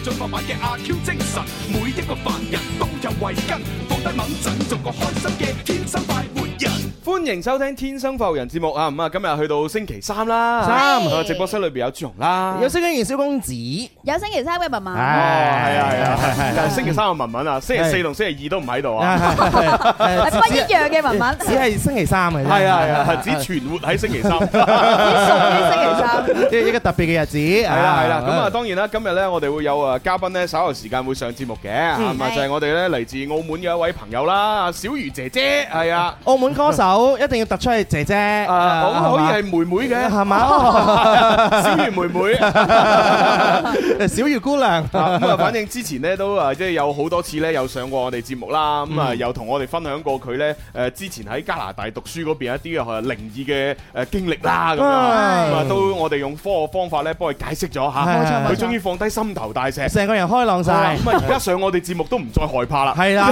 進化版嘅阿 Q 精神，每一個凡人都有慧根，放低猛緊，做個開心嘅天生快。歡迎收聽天生浮人節目啊，咁啊今日去到星期三啦，三啊直播室裏邊有朱紅啦，有星期二蕭公子，有星期三嘅文文，係啊係啊係啊，但係星期三嘅文文啊，星期四同星期二都唔喺度啊，係不一樣嘅文文，只係星期三嘅啫，係啊係只存活喺星期三，星期三，即係一個特別嘅日子，係啦係啦，咁啊當然啦，今日咧我哋會有誒嘉賓咧稍後時間會上節目嘅，咁啊就係我哋咧嚟自澳門嘅一位朋友啦，小瑜姐姐，係啊澳門歌手。一定要突出去，姐姐，唔可以係妹妹嘅，係嘛？小瑜妹妹，小瑜姑娘咁啊！反正之前咧都啊，即係有好多次咧，有上過我哋節目啦。咁啊，又同我哋分享過佢咧，誒，之前喺加拿大讀書嗰邊一啲嘅靈異嘅誒經歷啦。咁啊，都我哋用科學方法咧，幫佢解釋咗吓，冇錯，佢終於放低心頭大石，成個人開朗晒。咁啊，而家上我哋節目都唔再害怕啦。係啦，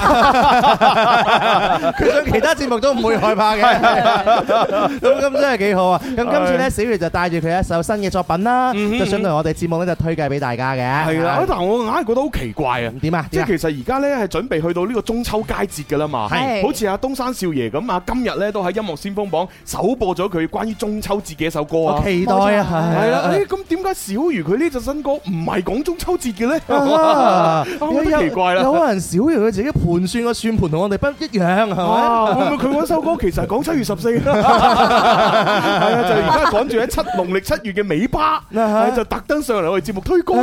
佢上其他節目都唔會害怕嘅。咁真係幾好啊！咁今次呢，小瑜就帶住佢一首新嘅作品啦，就上台我哋節目呢，就推介俾大家嘅。係啦，我我硬係覺得好奇怪啊！點啊？即係其實而家呢，係準備去到呢個中秋佳節噶啦嘛，係，好似阿東山少爺咁啊，今日呢，都喺音樂先鋒榜首播咗佢關於中秋節嘅一首歌啊。我期待啊，係係啦，咁點解小瑜佢呢隻新歌唔係講中秋節嘅呢？有奇怪啦，有可能小瑜佢自己盤算個算盤同我哋不一樣，係咪？會唔會佢嗰首歌其實講七月十四，係啊，就而家趕住喺七農曆七月嘅尾巴，就特登上嚟我哋節目推歌。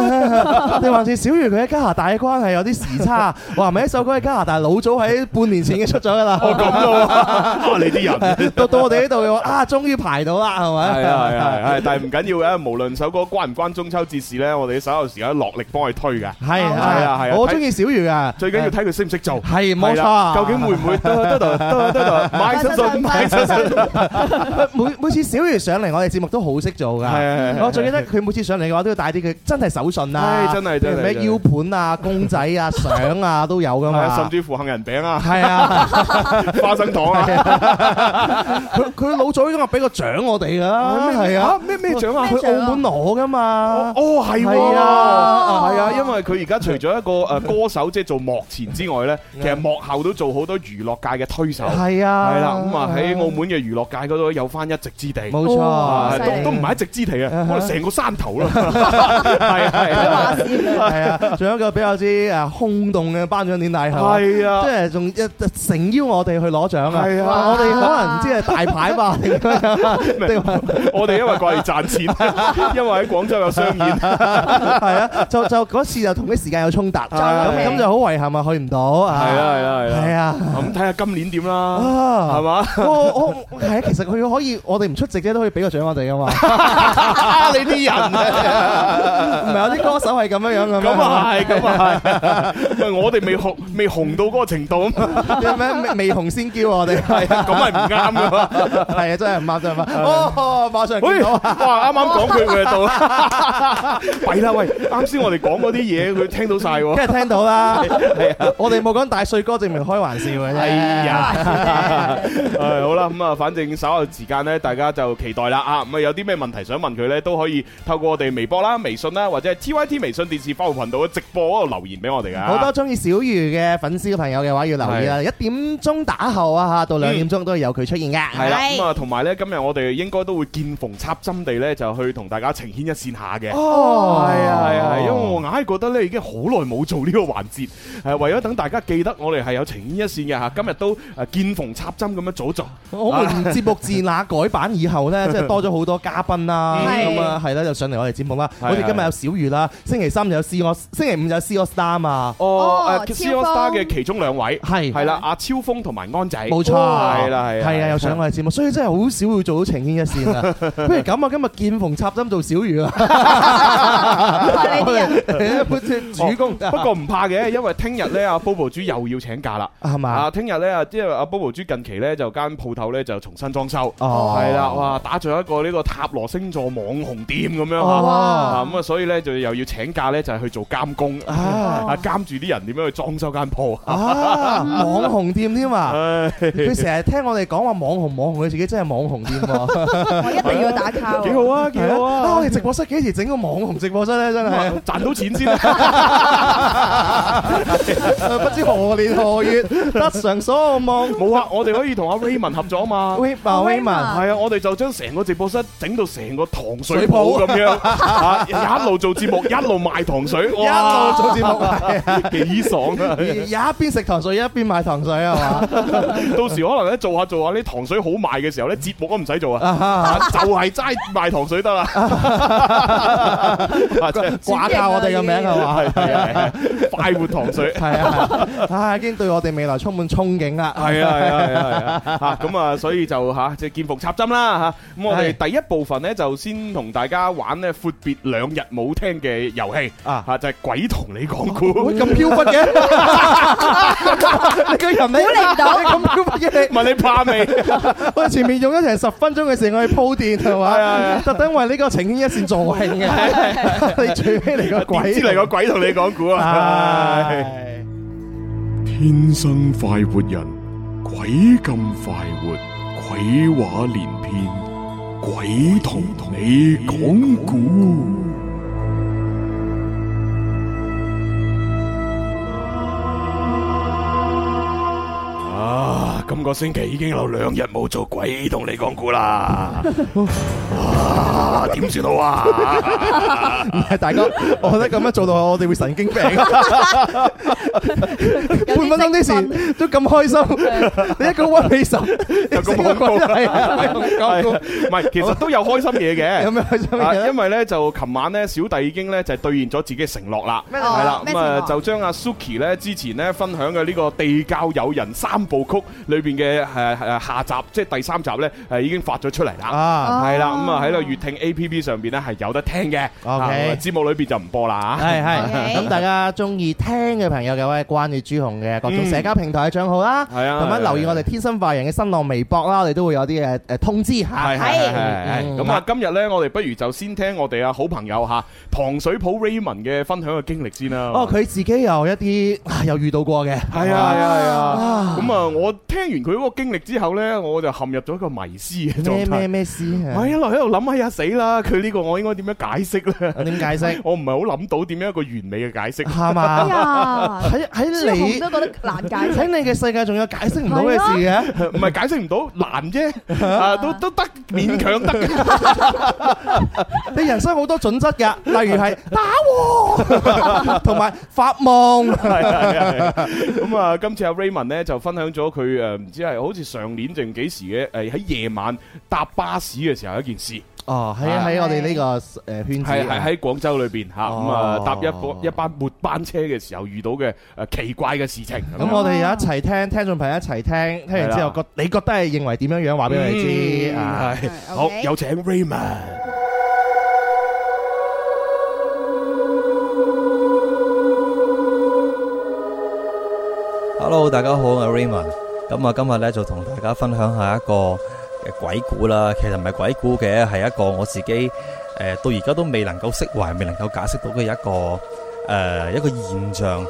定還是，小瑜佢喺加拿大嘅關係有啲時差，哇！咪一首歌喺加拿大，老早喺半年前已經出咗噶啦。哦咁啊，哇！你啲人到到我哋呢度啊，終於排到啦，係咪？係係係，但係唔緊要嘅，無論首歌關唔關中秋節事咧，我哋啲所有時間落力幫佢推嘅。係啊係啊，我中意小瑜啊。最緊要睇佢識唔識做。係冇錯。究竟會唔會？都都都都都買新稅。每每次小瑜上嚟，我哋節目都好識做噶。我最記得佢每次上嚟嘅話，都要帶啲佢真係手信啊，真係真係咩 U 盤啊、公仔啊、相啊都有噶嘛。甚至乎杏仁餅啊，係啊，花生糖啊。佢佢老早已經話俾個獎我哋啦。咩係啊？咩咩獎啊？去澳門攞噶嘛？哦，係啊，係啊，因為佢而家除咗一個誒歌手即係做幕前之外咧，其實幕後都做好多娛樂界嘅推手。係啊，係啦，咁啊。喺澳門嘅娛樂界嗰度有翻一席之地，冇錯，都都唔係一席之地啊，我哋成個山頭啦，係係，係啊，仲有一個比較之誒轟動嘅頒獎典禮，係啊，即係仲一誠邀我哋去攞獎啊，啊，我哋可能唔知係大牌嘛，我哋因為過嚟賺錢，因為喺廣州有商演，係啊，就就嗰次就同啲時間有衝突，咁咁就好遺憾啊，去唔到啊，係啊係啊係啊，咁睇下今年點啦，係嘛？哦、我係啊、嗯，其實佢可以，我哋唔出席啫，都可以俾個獎我哋噶嘛。你啲人唔係有啲歌手係咁樣樣噶嘛？咁啊係，咁啊係。我哋未紅，未紅到嗰個程度。咩 未紅先叫我哋係、 哎、啊，咁咪唔啱噶嘛？係啊，真係唔啱，真係唔啱。哦，馬上見到。 哇，啱啱講佢就到 。弊啦，喂，啱先我哋講嗰啲嘢，佢 聽到晒喎。梗係聽到啦。我哋冇講大帥哥，證明開玩笑、， 哎、啊，係。係好啦，咁啊、 嗯，反正稍後時間咧，大家就期待啦啊！咁、嗯、啊，有啲咩問題想問佢呢？都可以透過我哋微博啦、微信啦，或者係 T Y T 微信電視服務頻道嘅直播度留言俾我哋啊！好多中意小魚嘅粉絲朋友嘅話，要留意啦，是，一點鐘打後啊吓，到兩點鐘都係有佢出現嘅。係、嗯、 啦，咁、嗯、啊，同埋呢，今日我哋應該都會見縫插針地呢，就去同大家情牽一線下嘅。哦，係啊，係啊，因為我硬係覺得呢已經好耐冇做呢個環節，係為咗等大家記得我哋係有情牽一線嘅吓、啊，今日都誒見縫插針咁樣做。我們節目自那改版以後咧，即係多咗好多嘉賓啦，咁啊係啦，就上嚟我哋節目啦。我哋今日有小瑜啦，星期三有 C O，星期五有 C O Star 啊。哦，C O Star 嘅其中兩位係係啦，阿超峰同埋安仔，冇錯，係啦，係係啊，又上我哋節目，所以真係好少會做到澄天一線啊。不如咁啊，今日見縫插針做小瑜啊。主公，不過唔怕嘅，因為聽日咧阿 Bobo 豬又要請假啦，係嘛啊？聽日咧啊，即係阿 Bobo 豬近期咧就加。間鋪頭咧就重新裝修，係啦，哇，打造一個呢個塔羅星座網紅店咁樣，咁啊，所以咧就又要請假咧，就係去做監工，啊，監住啲人點樣去裝修間鋪，啊，網紅店添啊，佢成日聽我哋講話網紅，網紅佢自己真係網紅店喎，我一定要打卡，幾好啊，幾好啊，我哋直播室幾時整個網紅直播室咧，真係賺到錢先啊，不知何年何月，得償所望，冇啊，我哋可以同阿。文合作嘛？威文，係啊！我哋就將成個直播室整到成個糖水鋪咁樣，一路做節目，一路賣糖水，哇！一路做節目，幾爽啊！一邊食糖水，一邊賣糖水啊嘛！到時可能咧做下做下啲糖水好賣嘅時候咧，節目都唔使做啊，就係齋賣糖水得啦。掛靠我哋嘅名係嘛？係係係，快活糖水係啊！唉，已經對我哋未來充滿憧憬啦！係啊係啊係啊！啊，咁啊，所以就吓即係見縫插針啦，吓咁我哋第一部分咧就先同大家玩咧闊別兩日冇聽嘅遊戲，啊，就係鬼同你講古，咁飄忽嘅，你驚人未？你咁飄忽嘅，問你怕未？我哋前面用咗成十分鐘嘅時候去鋪墊係嘛，特登為呢個晴天一線助興嘅，你最屘嚟個鬼，知嚟個鬼同你講古啊？天生快活人。鬼咁快活，鬼話連篇，鬼同你講古。啊！今個星期已經兩有兩日冇做鬼同你講古啦，哇！點算好啊？係、啊、 大哥，我覺得咁樣做到我哋會神經病。 精半分鐘啲事都咁開心，對 你一個屈膝手又咁恐怖。唔係、啊啊，其實都有開心嘢嘅。 有咩開心、啊、因為咧就琴晚咧小弟已經咧就兌現咗自己嘅承諾啦。係啦，咁啊就將阿、啊、Suki 咧之前咧分享嘅呢個地窖友人三。部曲裏邊嘅誒下集，即係第三集呢，係已經發咗出嚟啦。啊，係啦，咁啊喺個樂聽 A P P 上邊呢，係有得聽嘅。O K，節目裏邊就唔播啦。啊，係係。咁大家中意聽嘅朋友嘅話，關注朱紅嘅各種社交平台嘅賬號啦。係啊，同埋留意我哋天生華人嘅新浪微博啦，我哋都會有啲誒誒通知吓。係咁啊，今日呢，我哋不如就先聽我哋啊好朋友吓唐水普 Raymond 嘅分享嘅經歷先啦。哦，佢自己有一啲有遇到過嘅。係啊係啊係啊，咁啊。我聽完佢嗰個經歷之後咧，我就陷入咗一個迷思咩咩咩思？我一路喺度諗，下呀，死啦！佢呢個我應該點樣解釋咧？點解釋？我唔係好諗到點樣一個完美嘅解釋。係嘛？哎呀！喺，喺你都覺得難解釋。喺你嘅世界仲有解釋唔到嘅事嘅？唔係解釋唔到，難啫。都都得勉強得嘅。你人生好多準則噶，例如係打王，同埋發夢。係咁啊，今次阿 Raymond 咧就分享咗佢誒，唔知係好似上年定幾時嘅，誒，喺夜晚搭巴士嘅時候一件事哦，喺喺的我哋呢個誒圈子係喺廣州裏邊嚇，咁啊，搭一班一班末班車嘅時候遇到嘅誒奇怪嘅事情，咁、哦、我哋一齊聽聽眾朋友一齊聽聽完之後覺的你覺得係認為點樣樣話俾我哋知啊、嗯、好 okay? 有請 Raymond。Hello，大家好，我係 Raymond，咁啊，今日咧就同大家分享下一個鬼故啦。其實唔係鬼故嘅，係一個我自己誒，到而家都未能夠釋懷，未能夠解釋到嘅一個誒一個現象。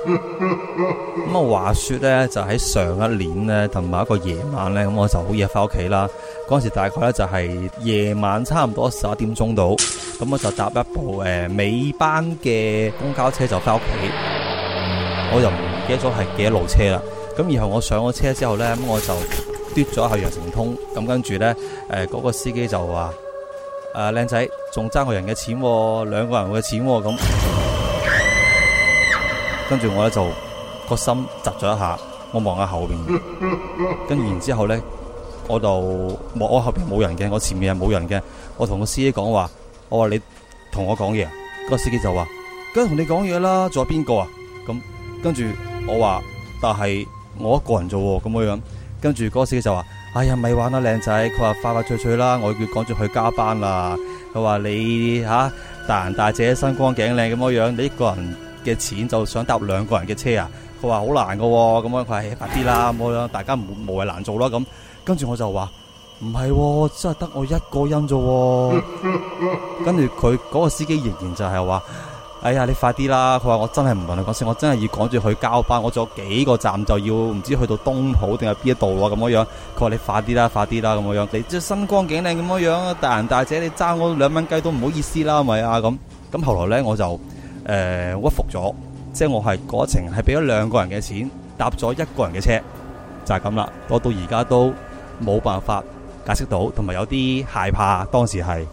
咁啊，話說咧，就喺上一年咧同埋一個夜晚咧，咁我就好夜翻屋企啦。嗰時大概咧就係夜晚差唔多十一點鐘度，咁我就搭一部誒尾班嘅公交車就翻屋企，我又唔，記咗係幾多路車啦，咁然後我上咗車之後咧，咁我就嘟咗下羊城通，咁跟住咧，誒、呃、嗰、那個司機就話：誒、啊，靚仔，仲爭我人嘅錢、哦，兩個人嘅錢、哦，咁跟住我咧就個心窒咗一下，我望下後邊，跟然之後咧，我就望我後邊冇人嘅，我前面係冇人嘅，我同個司機講話，我話你同我講嘢，個司機就話：梗係同你講嘢啦，仲有邊個啊？咁跟住。我話，但係我一個人啫、哦，咁樣，跟住嗰時就話，哎呀，咪玩啦，靚仔，佢話快快脆脆啦，我要趕住去加班啦，佢話你吓大人大姐身光頸靚咁樣樣，你一個人嘅錢就想搭兩個人嘅車啊，佢話好難噶、哦，咁樣佢話快啲啦，咁樣大家無無謂難做啦，咁，跟住我就話，唔係、哦，真係得我一個人啫，跟住佢嗰個司機仍然就係話。哎呀，你快啲啦！佢話我真係唔問你講聲，我真係要趕住去交班，我仲有幾個站就要唔知去到東圃定係邊一度啊咁樣樣。佢話你快啲啦，快啲啦咁樣樣。你即係身光頸靚咁樣樣，大人大姐，你爭我兩蚊雞都唔好意思啦，係咪啊咁？咁後來呢我就誒、呃、屈服咗，即、就、係、是、我係嗰程係俾咗兩個人嘅錢搭咗一個人嘅車，就係咁啦。我到而家都冇辦法解釋到，同埋有啲害怕當時係。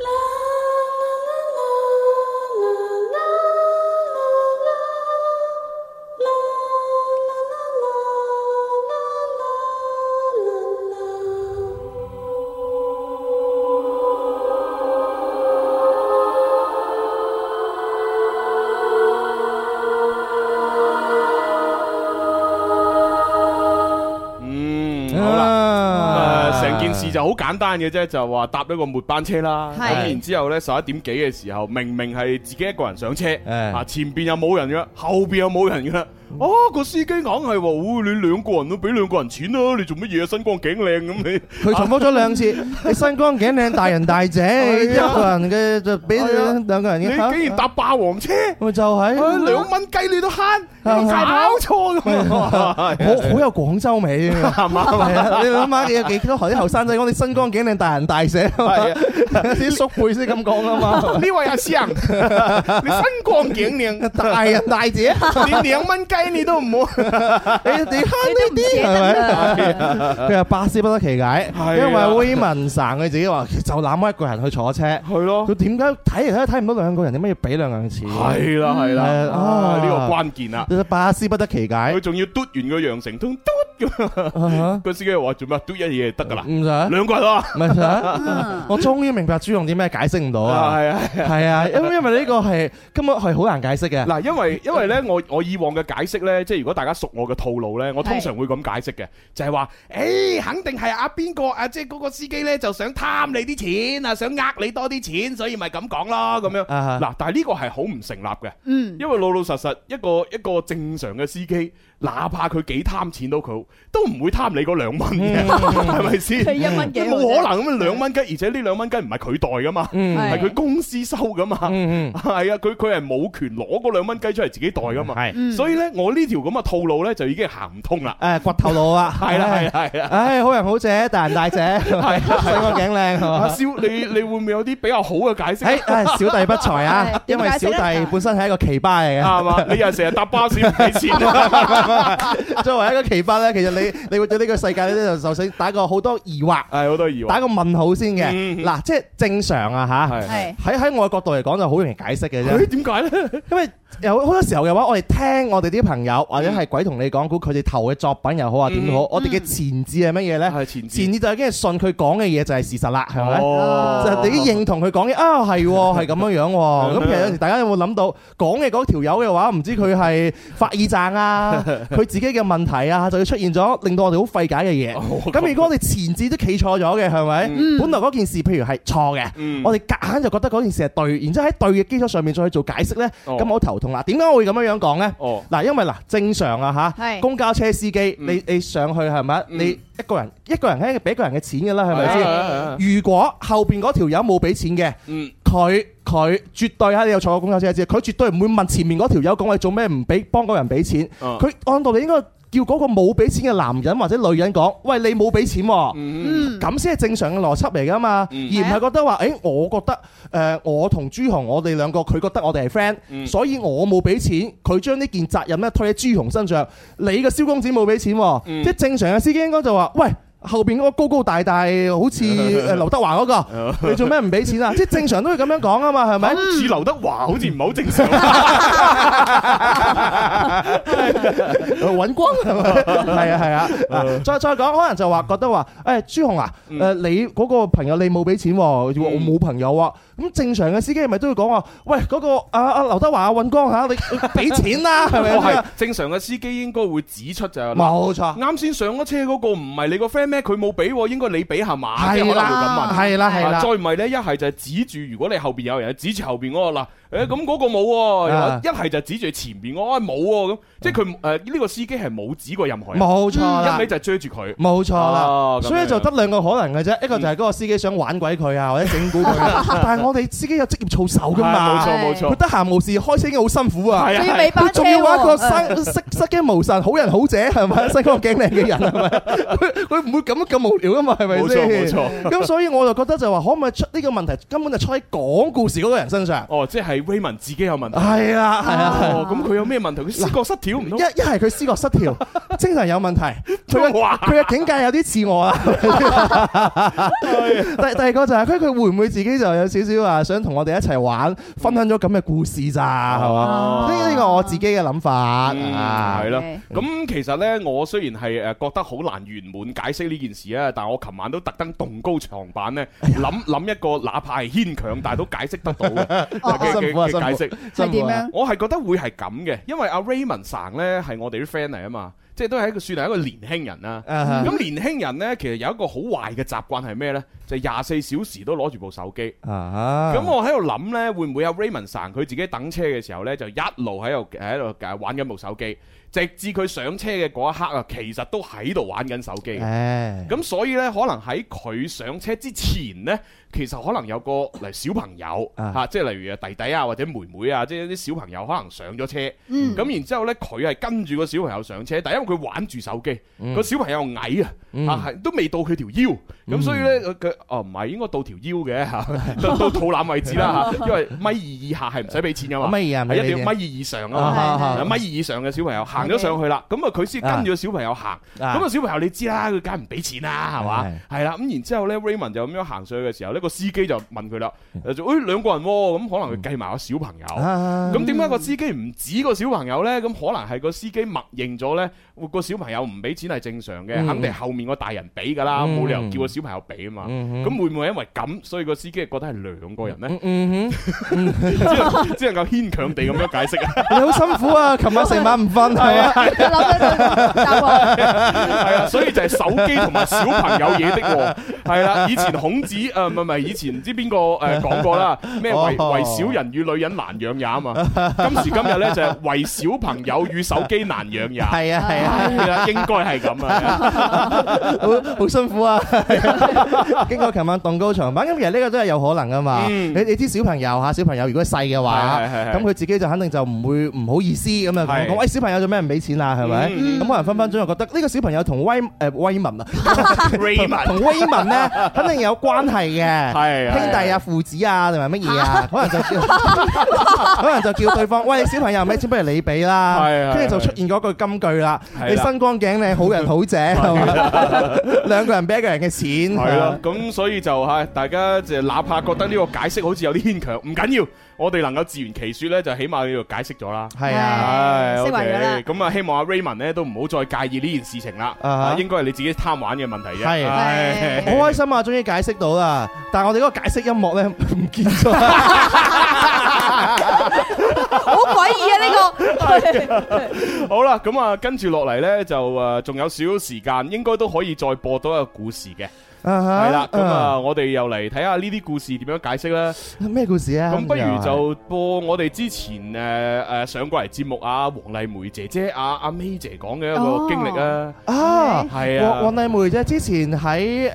簡單嘅啫，就話搭咗個末班車啦。咁是然之後呢，十一點幾嘅時候，明明係自己一個人上車，是啊前邊又冇人嘅，後邊又冇人嘅。哦，個司機硬係話，你兩個人都俾兩個人錢啦，你做乜嘢啊？身光頸靚咁你。佢重複咗兩次，你身光頸靚，大人大姐，一個人嘅就俾兩個人。你竟然搭霸王車，咪就係兩蚊雞你都慳，有冇搞錯咁啊？好，好有廣州味啊嘛！你諗下，你有幾多學啲後生仔講？你身光頸靚，大人大姐，係啊，啲叔輩先咁講啊嘛？呢位阿 Sir，你身光頸靚，大人大姐，你兩蚊雞。你都唔好，你慳啲啲。佢話百思不得其解，因為威文成佢自己話就攬一個人去坐車，係咯。佢點解睇嚟睇都睇唔到兩個人？點解要俾兩樣錢？係啦係啦，啊呢個關鍵啊！百思不得其解，佢仲要嘟完個羊城通嘟。個司機話做咩？嘟一嘢得㗎啦，唔使兩個人啊！唔使。我終於明白朱用點咩解釋唔到啊！係啊係啊，因為因為呢個係根本係好難解釋嘅。嗱，因為因為咧，我我以往嘅解。即咧，如果大家熟我嘅套路呢，我通常會咁解釋嘅，是就係話，誒、欸，肯定係啊邊個啊，即嗰個司機呢，就想貪你啲錢啊，想呃你多啲錢，所以咪咁講咯，咁樣。嗱，uh，但係呢個係好唔成立嘅，嗯，因為老老實實一個一個正常嘅司機。哪怕佢幾貪錢都佢都唔會貪你嗰兩蚊嘅、um，係咪先？一蚊冇可能咁啊！兩蚊雞，而且呢兩蚊雞唔係佢袋噶嘛，係佢、um, 公司收噶嘛，係、嗯、啊！佢佢係冇權攞嗰兩蚊雞出嚟自己袋噶嘛。所以咧，我呢條咁嘅套路咧，就已經行唔通啦。誒，掘頭路啊！係啦，係啦、啊，係啦、啊！誒，好人好姐，大人大姐，係，整個頸靚阿蕭，你你會唔會有啲比較好嘅解釋？誒，小弟不才啊，Passover、因為小弟本身係一個奇葩嚟嘅，係嘛？你又成日搭巴士唔俾錢。作為一個奇葩咧，其實你你會對呢個世界咧就首先打個好多疑惑，係好多疑惑，打個問號先嘅。嗱，即係正常啊，吓，喺喺我嘅角度嚟講就好容易解釋嘅啫。點解咧？因為有好多時候嘅話，我哋聽我哋啲朋友或者係鬼同你講，估佢哋投嘅作品又好啊，點好？我哋嘅前置係乜嘢咧？前置就已經係信佢講嘅嘢就係事實啦，係咪？就你認同佢講嘅，啊？係，係咁樣樣。咁其實有時大家有冇諗到，講嘅嗰條友嘅話，唔知佢係發耳賺啊？佢 自己嘅問題啊，就會出現咗令到我哋好費解嘅嘢。咁、oh, 如果我哋前置都企錯咗嘅，係咪？Mm. 本來嗰件事譬如係錯嘅，mm. 我哋夾硬就覺得嗰件事係對，然之後喺對嘅基礎上面再去做解釋、oh. 我我呢，咁好頭痛啦。點解我會咁樣樣講呢？嗱，因為嗱，正常啊嚇，公交車司機，是你你上去係咪？Mm. 你一個人一個人喺俾一個人嘅錢㗎啦，係咪先？啊、如果後邊嗰條友冇俾錢嘅，佢佢、嗯、絕對喺你有坐過公交車知，佢絕對唔會問前面嗰條友講我做咩唔俾幫嗰人俾錢。佢、啊、按道理應該。叫嗰個冇俾錢嘅男人或者女人講：喂，你冇俾錢喎、哦，咁先係正常嘅邏輯嚟噶嘛？嗯、而唔係覺得話，誒、欸，我覺得誒、呃，我同朱紅，我哋兩個，佢覺得我哋係 friend，所以我冇俾錢，佢將呢件責任咧推喺朱紅身上。你嘅蕭公子冇俾錢喎、哦，嗯、即係正常嘅司機應該就話：喂。後邊嗰個高高大大，好似誒、劉德華嗰、那個， 你做咩唔俾錢啊？即係正常都會咁樣講啊嘛，係咪？ 似劉德華好似唔係好正常 揾光係咪？係啊係啊，啊啊 再再講，可能就話覺得話，誒、哎、朱紅啊，誒、嗯、你嗰個朋友你冇俾錢喎、啊，我冇朋友啊。咁正常嘅司機係咪都會講啊？喂，嗰、嗰個阿阿、啊、劉德華阿尹光，嚇、啊，你俾錢啦，係咪啊？正常嘅司機應該會指出就係冇錯。啱先上咗車嗰個唔係你個 friend 咩？佢冇俾，應該你俾下嘛？係啦，可能會咁問，係啦。啦啦啊、再唔係咧，一係就係指住。如果你後邊有人指住後邊、嗰個，我話嗱。誒，咁嗰個冇，一係就指住前邊，我冇咁，即係佢誒呢個司機係冇指過任何人，冇錯，一味就追住佢，冇錯啦。所以就得兩個可能嘅啫，一個就係嗰個司機想玩鬼佢啊，或者整蠱佢。但係我哋司機有職業操守噶嘛，冇錯冇錯，佢得閒無事開車已經好辛苦啊，追尾班車，佢仲要玩個失失失驚無神，好人好者係咪？身光頸靚嘅人係咪？佢唔會咁咁無聊噶嘛，係咪？冇錯冇錯。咁所以我就覺得就話，可唔可以出呢個問題根本就出喺講故事嗰個人身上？哦，即係。r a y m o n 自己有問，係啊係啊，咁佢有咩問題？佢思覺失調，唔通一一係佢思覺失調，精神有問題。佢嘅佢嘅警戒有啲似我啊。第第二個就係佢，佢會唔會自己就有少少啊，想同我哋一齊玩，分享咗咁嘅故事咋係嘛？呢個我自己嘅諗法啊，係咯。咁其實咧，我雖然係誒覺得好難圓滿解釋呢件事啊，但係我琴晚都特登動高牆板咧，諗諗一個，哪怕係牽強，但係都解釋得到嘅解釋，係點樣？我係覺得會係咁嘅，因為阿 Raymond 成咧係我哋啲 friend 嚟啊嘛，即係都係一個算係一個年輕人啊。咁、uh huh。年輕人咧，其實有一個好壞嘅習慣係咩咧？就係廿四小時都攞住部手機。咁、uh huh。我喺度諗咧，會唔會阿 Raymond 成佢自己等車嘅時候咧，就一路喺度喺度玩緊部手機？直至佢上車嘅嗰一刻啊，其實都喺度玩緊手機。咁所以呢，可能喺佢上車之前呢，其實可能有個嚟小朋友嚇，即係例如啊弟弟啊或者妹妹啊，即係啲小朋友可能上咗車。咁然之後呢，佢係跟住個小朋友上車，但係因為佢玩住手機，個小朋友矮啊，嚇係都未到佢條腰。咁所以呢，佢哦唔係應該到條腰嘅嚇，到肚腩位置啦，因為米二以下係唔使俾錢噶嘛，一定要米二以上啊，米二以上嘅小朋友。行咗上去啦，咁啊佢先跟住個小朋友行，咁啊個小朋友你知啦，佢梗係唔俾錢啦，啊，係嘛，係啦的，咁然之後咧 Raymond 就咁樣行上去嘅時候，呢個司機就問佢啦，誒、嗯，就誒、哎、兩個人咁、哦，可能佢計埋個小朋友，咁點解個司機唔止個小朋友呢？咁可能係個司機默認咗呢，個小朋友唔俾錢係正常嘅，嗯、肯定後面個大人俾噶啦，冇理由叫個小朋友俾啊嘛，咁、嗯嗯、會唔會因為咁，所以個司機係覺得係兩個人呢？只能夠牽強地咁樣解釋啊！你好辛苦啊，琴晚成晚唔瞓。 係、 嗯、啊，所以就係手機同埋小朋友惹的禍。係啦、啊，以前孔子誒唔係唔係，以前唔知邊個誒講過啦，咩為為小人與女人難養也啊嘛。今時今日咧就係為小朋友與手機難養也。係啊係啊，應該係咁啊，好好辛苦啊。經過琴晚動高長反，咁其實呢個都係有可能噶嘛。你你啲小朋友吓，小朋友如果細嘅話，咁佢、啊啊啊、自己就肯定就唔會唔好意思咁啊講，誒、欸、小朋友做咩？唔俾錢啦，係咪？咁可能分分鐘又覺得呢個小朋友同威誒威文啊，同威文咧肯定有關係嘅，係兄弟啊、父子啊定係乜嘢啊？可能就可能就叫對方，喂，小朋友，咩錢不如你俾啦。係啊，跟住就出現嗰句金句啦。你身光頸，你好人好者，兩個人俾一個人嘅錢。係咯，咁所以就嚇大家，即係哪怕覺得呢個解釋好似有啲牽強，唔緊要。我哋能夠自圓其說咧，就起碼要解釋咗啦。係啊，咁啊，希望阿 Raymond 咧都唔好再介意呢件事情啦。啊，應該係你自己貪玩嘅問題啫。係，好開心啊，終於解釋到啦。但係我哋嗰個解釋音樂咧，唔見咗，好詭異啊！呢個好啦，咁啊，跟住落嚟咧，就誒，仲有少少時間，應該都可以再播多一個故事嘅。係啦，咁啊，我哋又嚟睇下呢啲故事點樣解釋啦。咩故事啊？咁不如就播我哋之前誒誒上過嚟節目啊，黃麗梅姐姐啊，阿 May 姐講嘅一個經歷啊。啊，係啊，黃麗梅姐之前喺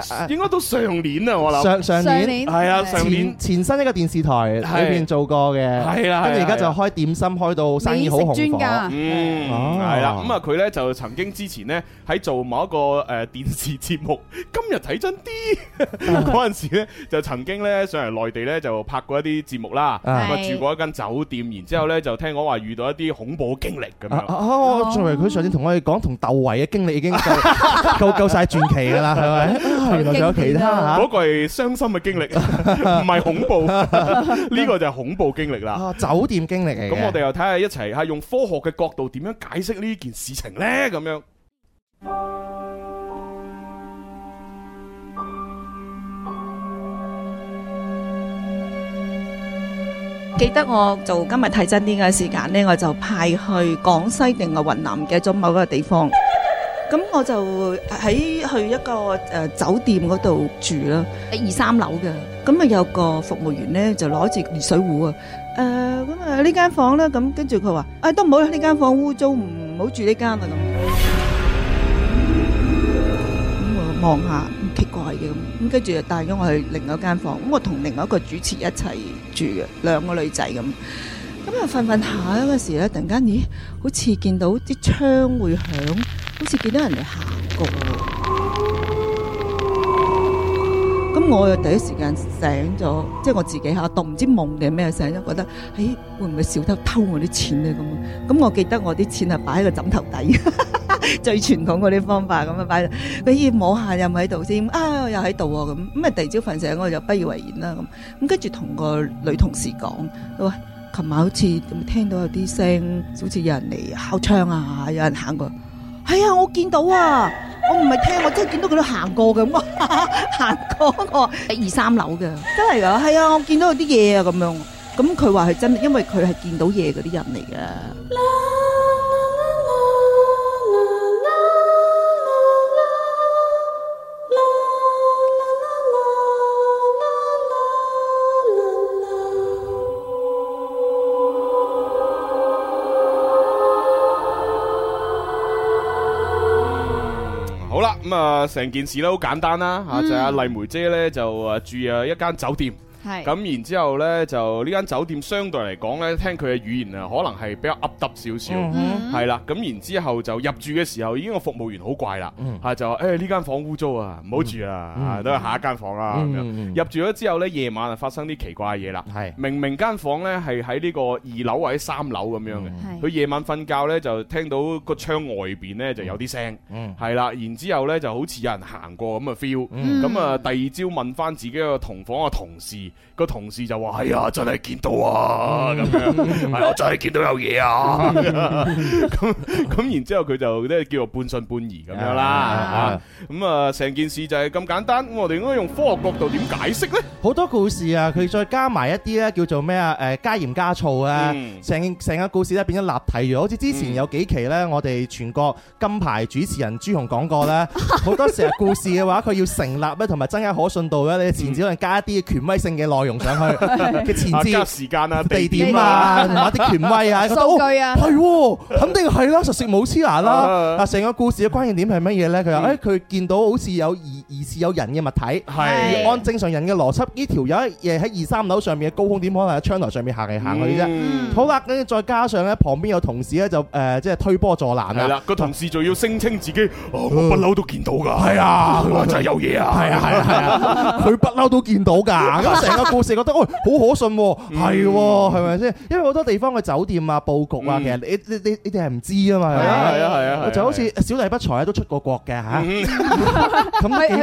誒，應該都上年啦，我諗上上年係啊，上年前身一個電視台裏邊做過嘅，係啦，跟住而家就開點心，開到生意好紅火。嗯，係啦，咁啊，佢咧就曾經之前呢，喺做某一個誒電視節目。今日睇真啲，嗰陣時咧就曾經咧上嚟內地咧就拍過一啲節目啦，咪住過一間酒店，然之後咧就聽講話遇到一啲恐怖經歷咁樣。哦，作為佢上次同我哋講同竇唯嘅經歷已經夠夠晒傳奇噶啦，係咪？原來仲有其他，嗰個係傷心嘅經歷，唔係恐怖。呢個就係恐怖經歷啦。酒店經歷嚟，咁我哋又睇下一齊係用科學嘅角度點樣解釋呢件事情咧？咁樣。記得我就今日睇真啲嘅時間咧，我就派去廣西定係雲南嘅中某一個地方。咁我就喺去一個誒酒店嗰度住啦，喺二三樓嘅。咁啊有個服務員咧就攞住熱水壺啊。誒咁啊呢間房咧，咁跟住佢話，啊都唔好啦，呢間房污糟，唔好住呢間啊咁。咁我望下，奇怪嘅咁。咁跟住就帶咗我去另外一間房，咁我同另外一個主持一齊住嘅兩個女仔咁，咁啊瞓瞓下嗰時咧，突然間咦，好似見到啲窗會響，好似見到人哋行過。咁我又第一時間醒咗，即係我自己嚇，當唔知夢定係咩醒，都覺得，誒，會唔會小偷偷我啲錢咧？咁，咁我記得我啲錢啊，擺喺個枕頭底， 最傳統嗰啲方法咁啊，擺，我要摸下又唔喺度先，啊，又喺度喎咁，咁啊第二朝瞓醒我就不以為然啦咁，咁跟住同個女同事講，喂，琴晚好似有冇聽到有啲聲，好似有人嚟敲窗啊，有人行過。係啊、哎，我見到啊，我唔係聽，我真係見到佢喺度行過咁，行過喺二三樓嘅，真係噶，係、哎、啊，我見到有啲嘢啊咁樣，咁佢話係真，因為佢係見到嘢嗰啲人嚟嘅。 咁啊，成、嗯、件事都好簡單啦，吓、嗯、就阿麗梅姐咧就啊住啊一間酒店。咁，是然之後呢，就呢間酒店相對嚟講呢聽佢嘅語言啊，可能係比較噏揼少少，係啦。咁、mm hmm. 然之後就入住嘅時候已經個服務員好怪啦，嚇、mm hmm. 就話誒呢間房污糟啊，唔好住啦，mm hmm. 都係下一間房啦、mm hmm. 入住咗之後呢，夜晚啊發生啲奇怪嘅嘢啦，mm hmm. 明明間房呢係喺呢個二樓或者三樓咁樣嘅，佢、mm hmm. 夜晚瞓覺呢，就聽到個窗外邊呢就有啲聲，係啦、mm hmm.，然之後呢就好似有人行過咁嘅 feel，咁啊第二朝問翻自己個同房嘅同事。個同事就話係啊，真係見到啊，咁樣係啊，真係見到有嘢啊，咁咁然之後佢就咧，叫做半信半疑咁樣啦，咁啊成件事就係咁簡單，我哋應該用科學角度點解釋咧？好多故事啊，佢再加埋一啲咧，叫做咩啊？誒，加鹽加醋啊，成成個故事咧變咗立體咗。好似之前有幾期咧，我哋全國金牌主持人朱紅講過咧，好多時啊故事嘅話，佢要成立咧，同埋增加可信度咧，你前只能加一啲權威性嘅嘅內容上去嘅 前置、啊、 時間啊、地點啊、哪啲權威啊，數據 句啊，係、哦、喎、哦，肯定係啦， 實食冇黐牙啦。嗱，成個故事嘅關鍵點係乜嘢咧？佢話誒，佢、哎、見到好似有疑似有人嘅物體，係按正常人嘅邏輯，呢條友喺二三樓上面嘅高空點可能喺窗台上面行嚟行去啫。好啦，跟住再加上咧，旁邊有同事咧就誒，即係推波助瀾嘅啦。個同事就要聲稱自己我不嬲都見到㗎，係啊，佢話真係有嘢啊，係啊係啊，啊，佢不嬲都見到㗎。咁成個故事覺得，好可信喎，係喎，係咪先？因為好多地方嘅酒店啊、佈局啊，其實你你你哋係唔知啊嘛，係啊係啊，就好似小弟不才都出過國嘅嚇，咁。咁啊，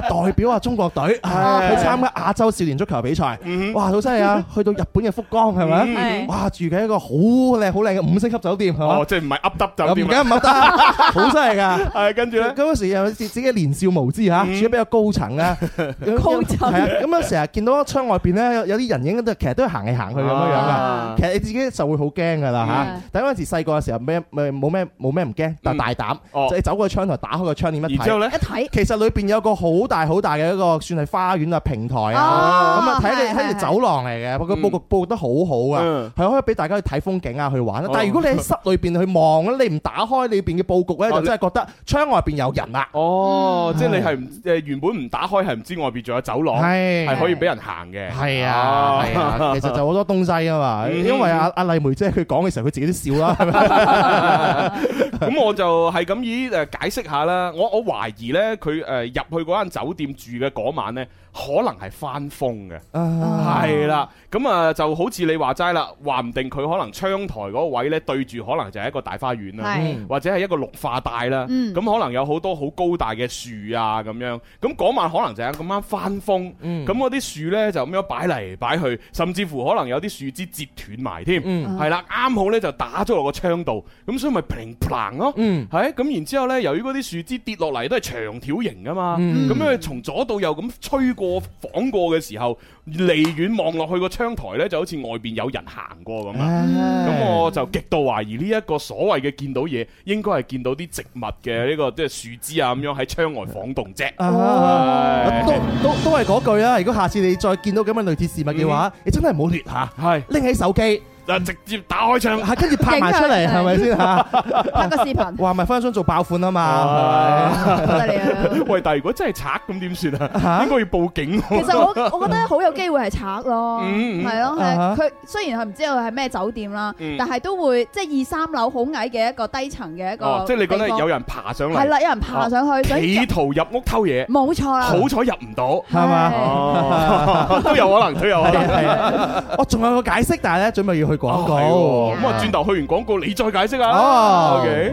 代表啊，中國隊去參加亞洲少年足球比賽，哇，好犀利啊！去到日本嘅福岡，係咪？哇，住緊一個好靚、好靚嘅五星級酒店，係即係唔係噏得酒店？唔噏得，好犀利㗎！跟住咧，嗰時又自己年少無知嚇，住咗比較高層咧，高層啊，咁樣成日見到窗外邊咧有啲人影都其實都係行嚟行去咁樣樣㗎，其實你自己就會好驚㗎啦嚇。但嗰陣時細個嘅時候咩冇咩冇咩唔驚，但係大膽就走過窗台，打開個窗簾一睇，一睇其實。裏邊有個好大好大嘅一個算係花園啊、平台啊，咁啊睇你喺條走廊嚟嘅，個布局布得好好啊，係可以俾大家去睇風景啊、去玩啦。但係如果你喺室裏邊去望咧，你唔打開裏邊嘅布局咧，就真係覺得窗外邊有人啦。哦，即係你係誒原本唔打開係唔知外邊仲有走廊係可以俾人行嘅。係啊，其實就好多東西噶嘛。因為阿阿麗梅姐佢講嘅時候佢自己都笑啦。咁我就係咁以解釋下啦。我我懷疑呢，佢。誒，入去嗰間酒店住嘅嗰晚呢，可能係翻風嘅，係啦、啊，咁啊就好似你話齋啦，話唔定佢可能窗台嗰位呢對住，可能就係一個大花園啦、啊，是或者係一個綠化帶啦，咁、嗯、可能有好多好高大嘅樹啊，咁樣，咁嗰晚可能就係咁啱翻風，咁嗰啲樹呢，那那樹就咁樣擺嚟，擺去，甚至乎可能有啲樹枝折斷埋添，係啦，啱好呢就打咗落個窗度，咁所以咪砰砰咯，係、嗯，咁然之後咧，由於嗰啲樹枝跌落嚟都係長條形。咁、嗯、樣從左到右咁吹過、晃過嘅時候，離遠望落去個窗台呢，就好似外邊有人行過咁、哎這個、啊！咁我就極度懷疑呢一個所謂嘅見到嘢，應該係見到啲植物嘅呢個即係樹枝啊咁樣喺窗外晃動啫。都都係嗰句啦！如果下次你再見到咁嘅類似事物嘅話，嗯、你真係唔好亂吓，拎是起手機直接打開窗，跟住拍埋出嚟，係咪先嚇？拍個視頻，哇！咪翻張做爆款啊嘛！多謝你啊！喂，但係如果真係賊咁點算啊？應該要報警。其實我我覺得好有機會係賊咯，係咯，佢雖然係唔知道係咩酒店啦，但係都會即係二三樓好矮嘅一個低層嘅一個。即係你覺得有人爬上嚟？係啦，有人爬上去企圖入屋偷嘢。冇錯，好彩入唔到，係嘛？都有可能，都有可能。我仲有個解釋，但係呢準備要去。咁啊！轉頭去，去完廣告，的你再解釋啊。哦 okay?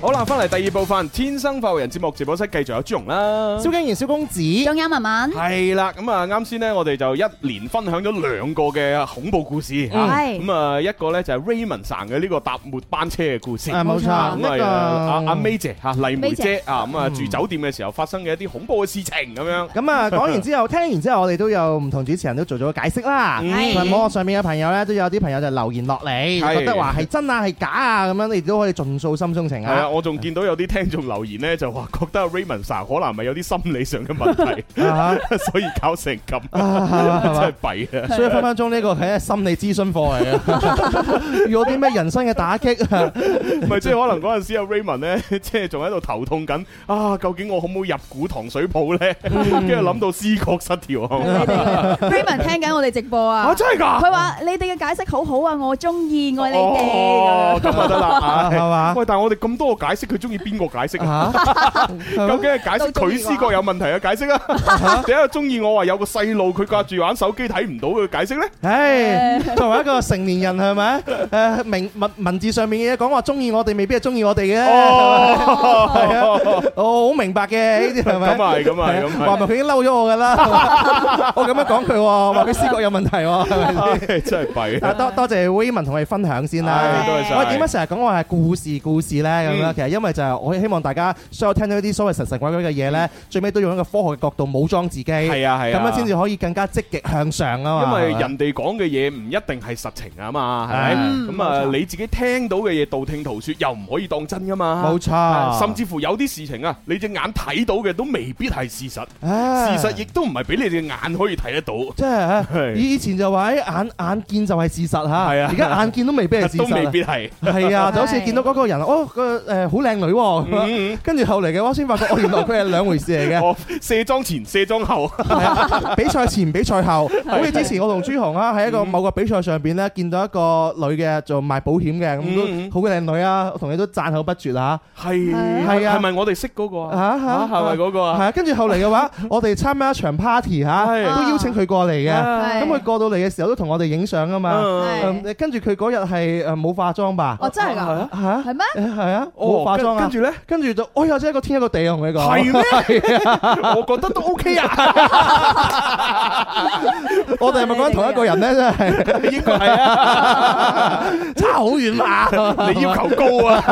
好啦，翻嚟第二部分《天生化為人》節目直播室，繼續有朱融啦，蕭敬堯、蕭公子、張啱文文，係啦。咁啊，啱先呢，我哋就一連分享咗兩個嘅恐怖故事。係咁啊，一個呢就係 Raymond 嘅呢個搭末班車嘅故事。冇錯，一個阿阿 May 姐吓，麗梅姐啊，咁啊住酒店嘅時候發生嘅一啲恐怖嘅事情咁樣。咁啊，講完之後，聽完之後，我哋都有唔同主持人都做咗個解釋啦。係喺網絡上面嘅朋友咧，都有啲朋友就留言落嚟，覺得話係真啊，係假啊，咁樣你哋都可以盡訴心中情啊！係啊，我仲見到有啲聽眾留言咧，就話覺得 Raymond 可能咪有啲心理上嘅問題，所以搞成咁，真係弊啊！所以分分鐘呢個係一個心理諮詢課嚟啊！有啲咩人生嘅打擊啊？唔係，即係可能嗰陣時阿 Raymond 咧，即係仲喺度頭痛緊啊！究竟我可唔可以入股糖水鋪咧？跟住諗到思覺失調，Raymond 聽緊我哋直播啊！啊，真係噶！佢話你哋嘅解釋好好啊，我中意愛你哋，咁就得啦，係嘛？喂，但係我哋咁多個解釋，佢中意邊個解釋啊？究竟係解釋佢思覺有問題啊？解釋啊？點解中意我話有個細路佢掛住玩手機睇唔到嘅解釋咧？唉，作為一個成年人係咪？誒，明文文字上面嘅嘢，講話中意我哋，未必係中意我哋嘅。哦，係啊，我好明白嘅呢啲係咪？咁啊係，咁啊係，咁啊係。話唔埋佢已經嬲咗我噶啦。我咁樣講佢，話佢思覺有問題。真係弊。多多謝 Raymond 同我哋分享先啦。多謝晒。喂，點解成日講我係故事？故事呢咁樣，其實因為就係我希望大家，所有聽到一啲所謂神神鬼鬼嘅嘢呢，最尾都用一個科學嘅角度武裝自己，係啊係啊，咁樣先至可以更加積極向上啊嘛。因為人哋講嘅嘢唔一定係實情啊嘛，係咪？咁啊，你自己聽到嘅嘢道聽途說又唔可以當真噶嘛。冇錯，甚至乎有啲事情啊，你隻眼睇到嘅都未必係事實，事實亦都唔係俾你隻眼可以睇得到。即係，以以前就話喺眼眼見就係事實嚇，而家眼見都未必係事實，都未必係。係啊，就好似見到嗰個人。哦，個誒好靚女，跟住後嚟嘅話我先發覺，我原來佢係兩回事嚟嘅。卸妝前、卸妝後，比賽前、比賽後。好似之前我同朱紅啊，喺一個某個比賽上邊咧，見到一個女嘅做賣保險嘅，咁都好嘅靚女啊，我同你都讚口不絕啦。係係啊，係咪我哋識嗰個啊？嚇嚇，係咪嗰個啊？係啊，跟住後嚟嘅話，我哋參加一場 party 嚇，都邀請佢過嚟嘅。咁佢過到嚟嘅時候都同我哋影相啊嘛。跟住佢嗰日係誒冇化妝吧？哦，真係㗎嚇。係啊，我化妝啊，跟住咧，跟住就，哎、欸、呀，真係一個天一個地啊！同你講係咩？嗎 我覺得都 OK 啊！ 我哋係咪講緊同一個人咧？真係應該係啊，差好遠啊，你要求高啊，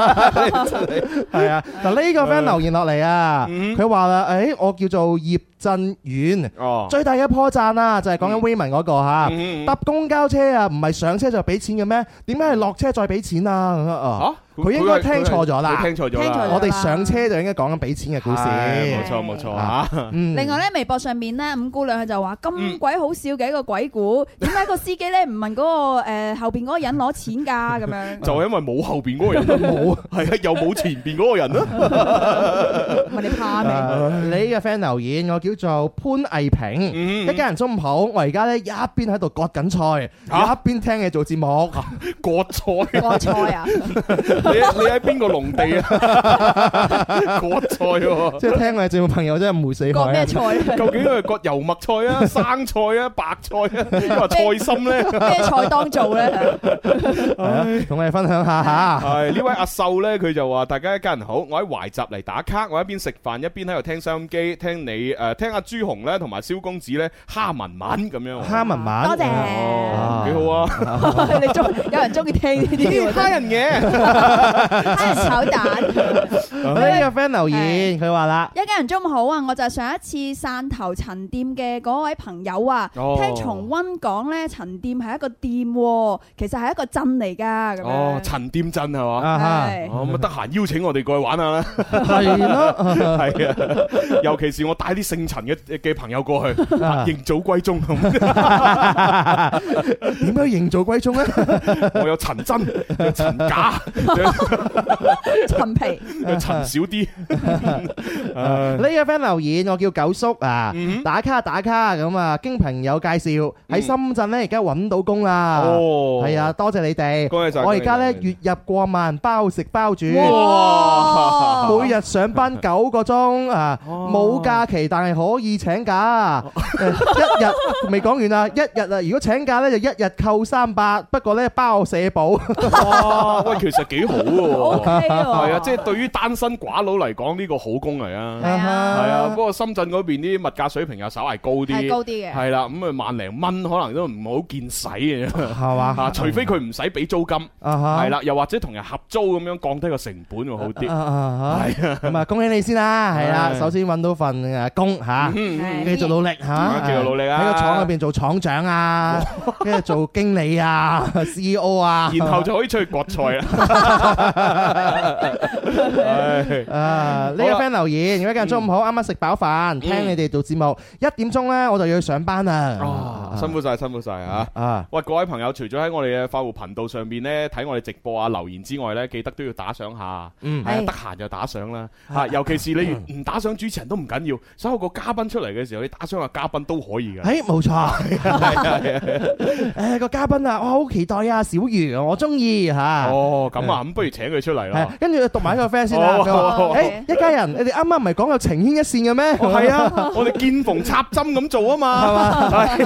係 啊！嗱，呢個 friend 留言落嚟，啊，佢話啦，誒、欸，我叫做葉振遠、那個，哦，最大嘅破綻啊，就係講緊 women 嗰個吓，搭公交車啊，唔係上車就俾錢嘅咩？點解係落車再俾錢啊？啊？佢應該聽錯咗啦，聽錯咗啦！我哋上車就應該講緊俾錢嘅故事，冇錯冇錯嚇。嗯，另外咧，微博上面咧，五姑娘佢就話，咁鬼好笑嘅一個鬼故，點解個司機咧唔問嗰個誒、後邊嗰個人攞錢㗎咁樣？就係因為冇後邊嗰個人，冇係啊，又冇前邊嗰個人啦。唔係你怕咩？你嘅 friend 留言，我叫做潘毅平。一家人中午好，我而家咧一邊喺度割緊菜，一邊聽你做節目，割菜。割菜啊！你你喺邊個農地啊？割菜喎，即係聽我哋節目朋友真係悶死。割咩菜？究竟係割油麥菜啊、生菜啊、白菜啊？因為菜心咧？咩菜當做咧？同我哋分享下吓。係呢位阿秀咧，佢就話：大家一家人好，我喺懷集嚟打卡，我一邊食飯一邊喺度聽收音機，聽你誒，聽阿朱紅咧，同埋蕭公子咧，蝦文文咁樣。蝦文文，多謝，幾好啊！你中有人中意聽呢啲蝦人嘅。睇人炒蛋。呢個 friend 留言，佢話啦：一家人中午好啊！我就係上一次汕頭陳店嘅嗰位朋友啊。哦，聽重温講咧，陳店係一個店，喔，其實係一個鎮嚟噶。Uh huh. 哦，陳店鎮係嘛？係。咁啊，得閒邀請我哋過去玩下啦。係啦，係啊。尤其是我帶啲姓陳嘅嘅朋友過去認祖歸，認祖歸宗。點樣認祖歸宗咧？我有陳真，有陳假。陳陳皮，陳少啲。呢個 friend 留言，我叫九叔啊，打卡打卡咁啊。經朋友介紹喺深圳咧，而家搵到工啦。哦，係啊，多謝你哋。我而家咧月入過萬，包食包住。哇！每日上班九個鐘啊，冇假期，但係可以請假。一日未講完啊，一日啊，如果請假咧就一日扣三百，不過咧包社保。哇！喂，其實幾好。好係啊，即係對於單身寡佬嚟講，呢個好工嚟啊，係啊，不過深圳嗰邊啲物價水平又稍為高啲，係高啲嘅，係啦，咁啊萬零蚊可能都唔好見使嘅，係嘛，除非佢唔使俾租金，係啦，又或者同人合租咁樣降低個成本，會好啲，係啊，咁啊恭喜你先啦，係啦，首先搵到份工吓，繼續努力吓，繼續努力啊，喺個廠嗰邊做廠長啊，跟住做經理啊，CEO 啊，然後就可以出去割菜啦。 啊！呢個 friend 留言：而家今日中午好，啱啱食飽飯，聽你哋做節目。一點鐘咧，我就要去上班啦。啊、哦，辛苦晒，辛苦晒啊！喂、啊，各位朋友，除咗喺我哋嘅快活頻道上邊咧睇我哋直播啊留言之外咧，記得都要打賞下。嗯，係啊，得閒就打賞啦。吓、哎，尤其是你唔打賞主持人都唔緊要，所有個嘉賓出嚟嘅時候，你打賞個嘉賓都可以噶。誒，冇、啊、錯。誒、 啊啊啊哎，個嘉賓啊，我好期待啊，小瑜，我中意吓。啊、哦，咁啊。不如請佢出嚟咯，跟住讀埋呢個 friend 先啦。誒，一家人，你哋啱啱唔係講有情牽一線嘅咩？係啊，我哋見縫插針咁做啊嘛。係，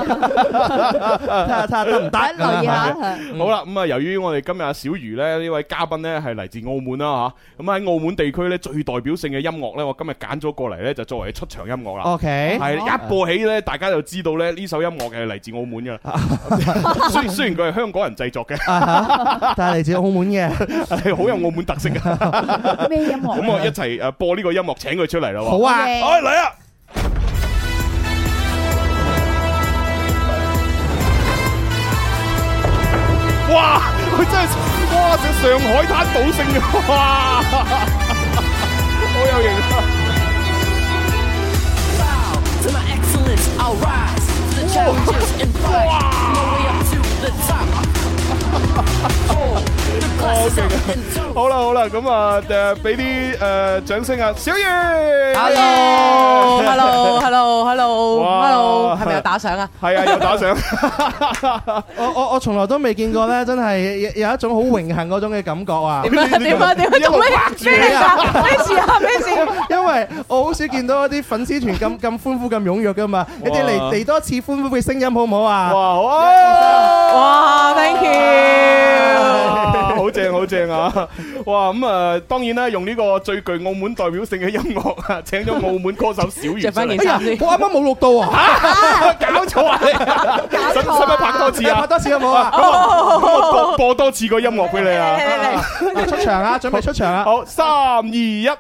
睇下得唔得，留意下。好啦，咁啊，由於我哋今日阿小瑜咧呢位嘉賓咧係嚟自澳門啦吓，咁喺澳門地區咧最代表性嘅音樂咧，我今日揀咗過嚟咧就作為出場音樂啦。OK，係一播起咧，大家就知道咧呢首音樂係嚟自澳門嘅。雖雖然佢係香港人製作嘅，但係嚟自澳門嘅。 好有澳門特色㗎， 咁 我一齊誒播呢個音樂，請佢出嚟咯。好啊，哎嚟 Okay. 啊！ 哇，佢真係哇，似上海灘賭聖嘅哇，好 有型啊！O K 嘅，好啦好啦，咁啊，誒，俾啲誒掌聲啊，小瑜，Hello，Hello，Hello，Hello，Hello，係咪又打賞啊？係啊，又打賞。我我我從來都未見過咧，真係有一種好榮幸嗰種嘅感覺啊！點啊點啊點啊！一路拍住啊！咩事啊咩事？因為我好少見到一啲粉絲團咁咁歡呼咁踴躍噶嘛，你哋嚟嚟多一次歡呼嘅聲音好唔好啊？哇！哇！Thank you。好。正好正啊！哇，咁、嗯、啊、呃，當然啦，用呢個最具澳門代表性嘅音樂啊，請咗澳門歌手小瑜出嚟。著翻件衫。哎、呀我啱啱冇錄到啊，啊！搞錯啊！搞錯！使唔使拍多次啊？拍多次好唔好啊？啊我我播，播多次個音樂俾你啊！嚟嚟嚟！啊、出場啊！準備出場啊！好，三二一。3, 2,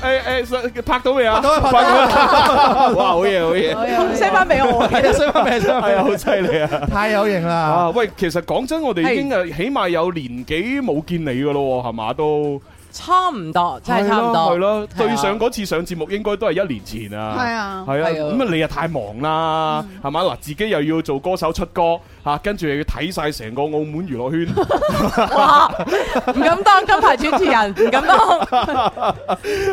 誒誒，拍到未啊？拍到啦！哇，好嘢好嘢，send 翻俾我，send 翻俾我，係啊，好犀利啊，太有型啦！喂，其實講真，我哋已經誒，起碼有年幾冇見你噶咯，係嘛都。差唔多，係咯，係咯。對上次上節目，應該都係一年前啊。係啊，係啊。咁啊，你又太忙啦，係嘛嗱？自己又要做歌手出歌，吓，跟住又要睇晒成個澳門娛樂圈。哇！唔敢當金牌主持人，唔敢當。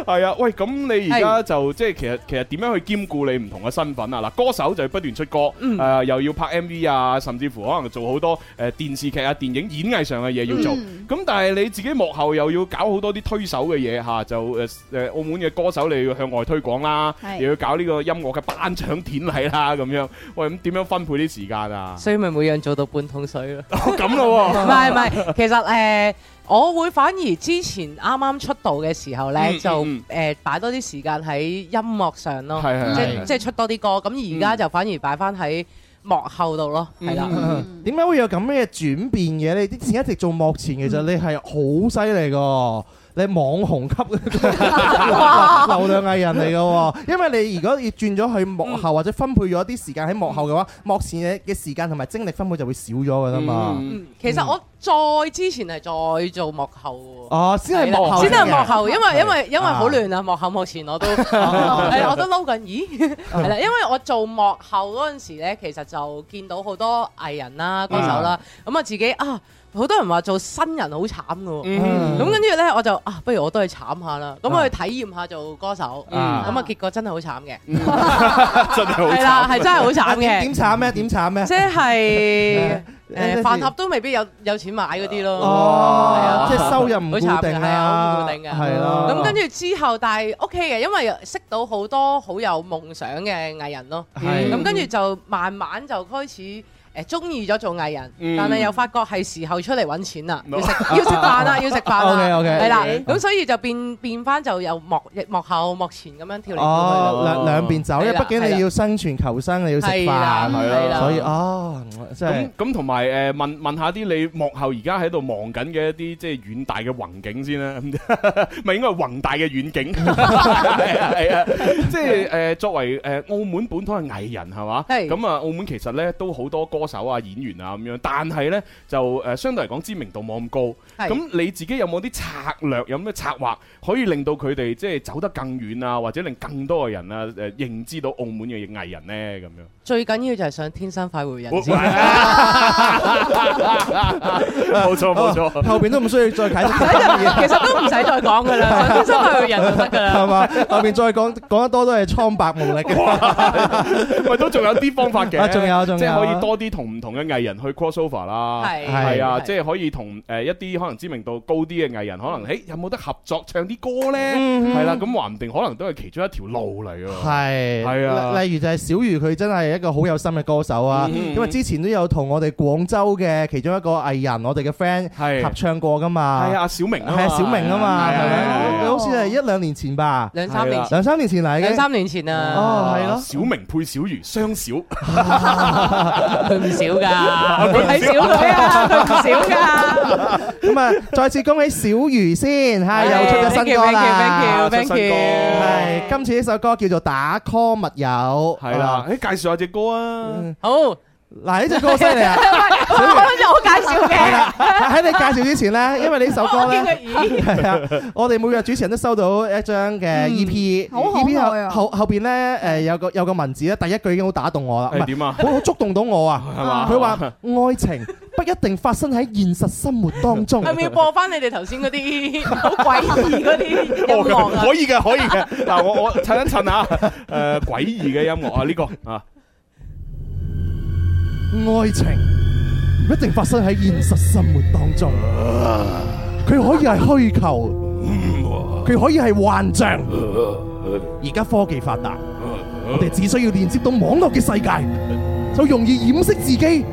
係啊，喂，咁你而家就即係其實其實點樣去兼顧你唔同嘅身份啊？嗱，歌手就不斷出歌，誒，又要拍 MV 啊，甚至乎可能做好多誒電視劇啊、電影演藝上嘅嘢要做。咁但係你自己幕後又要搞好多。啲推手嘅嘢嚇就誒誒、啊、澳門嘅歌手嚟向外推廣啦，是又要搞呢個音樂嘅頒獎典禮啦咁、啊、樣。喂，咁點樣分配啲時間啊？所以咪每樣做到半桶水咯。咁咯， 唔係唔係，其實誒、呃，我會反而之前啱啱出道嘅時候咧，嗯、就誒擺、嗯呃、多啲時間喺音樂上咯，即即係出多啲歌。咁而家就反而擺翻喺幕後度咯，係啦。點解會有咁嘅轉變嘅？你之前一直做幕前，其實你係好犀利㗎。嗯你網紅級嘅哈哈 流量藝人嚟嘅喎，因為你如果要轉咗去幕後或者分配咗啲時間喺幕後嘅話，幕前嘅嘅時間同埋精力分配就會少咗嘅啦嘛、嗯。其實我再之前係再做幕後喎。先係、啊、幕後先係幕後因，因為因為因為好亂啊！幕後幕前我都、啊哎、我都嬲緊，咦？係啦、啊， 因為我做幕後嗰陣時咧，其實就見到好多藝人啦、歌手啦，咁啊自己啊。嗯嗯。好多人話做新人好慘噶，咁跟住咧我就啊，不如我都去慘下啦，咁我去體驗下做歌手，咁啊結果真係好慘嘅，係啦，係真係好慘嘅。點慘咩？點慘咩？即係誒飯盒都未必有有錢買嗰啲咯。哦，即係收入唔固定嘅，係啊，固定嘅，係啦。咁跟住之後，但係 OK 嘅，因為識到好多好有夢想嘅藝人咯。咁跟住就慢慢就開始。誒，中意咗做藝人，但係又發覺係時候出嚟揾錢啦，要食要食飯啦，要食飯啦，係啦，咁所以就變變翻，就由幕幕後幕前咁樣跳嚟。哦，兩兩邊走，因為畢竟你要生存求生，你要食飯，係啦，所以哦，咁咁同埋誒，問問下啲你幕後而家喺度忙緊嘅一啲即係遠大嘅宏景先啦，咪應該係宏大嘅遠景，係啊係啊，即係誒，作為誒澳門本土嘅藝人係嘛，咁啊澳門其實咧都好多歌歌手啊、演員啊咁樣，但係咧就誒相對嚟講知名度冇咁高。咁你自己有冇啲策略、有咩策劃，可以令到佢哋即係走得更遠啊，或者令更多嘅人啊誒認知到澳門嘅藝人呢？咁樣？最緊要就係想天生快活人，冇錯冇錯，後邊都唔需要再解釋，其實都唔使再講噶啦，天生快活人就得噶啦。係嘛，後邊再講講得多都係蒼白無力嘅，喂，都仲有啲方法嘅，仲有仲有即係可以多啲。同唔同嘅藝人去 cross over 啦，係啊，即係可以同誒一啲可能知名度高啲嘅藝人，可能誒有冇得合作唱啲歌咧？係啦，咁話唔定可能都係其中一條路嚟嘅。係係啊，例如就係小瑜佢真係一個好有心嘅歌手啊，因為之前都有同我哋廣州嘅其中一個藝人，我哋嘅 friend 係合唱過㗎嘛。係啊，小明啊，係小明啊嘛，係咪？佢好似係一兩年前吧，兩三年，兩三年前嚟嘅，兩三年前啊，哦，係咯，小明配小瑜，雙小。唔少噶，你睇小女啊，唔 少噶。咁啊，再次恭喜小瑜先，吓又出咗新歌啦，hey！Thank you，Thank you，係 you, you, you.hey, 今次呢首歌叫做《打 call 密友》，係啦，誒、哎，介紹下隻歌啊，嗯，好。嗱呢隻歌犀利啊！我諗住我介紹嘅。喺你介紹之前咧，因為呢首歌咧，係啊，我哋每日主持人都收到一張嘅 E P，E P 後後後邊咧，誒有個有個文字咧，第一句已經好打動我啦。係點啊？好好觸動到我啊！佢話愛情不一定發生喺現實生活當中。係咪要播翻你哋頭先嗰啲好詭異嗰啲音樂啊？可以嘅，可以嘅。嗱我我襯一襯啊，誒詭異嘅音樂啊呢個啊。愛情唔一定發生喺現實生活當中，佢可以係虛構，佢可以係幻象。而家科技發達，我哋只需要連接到網絡嘅世界，就容易掩飾自己，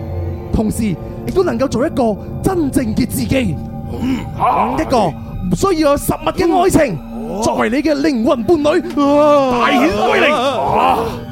同時亦都能夠做一個真正嘅自己，一個唔需要有實物嘅愛情，作為你嘅靈魂伴侶，大顯威力。啊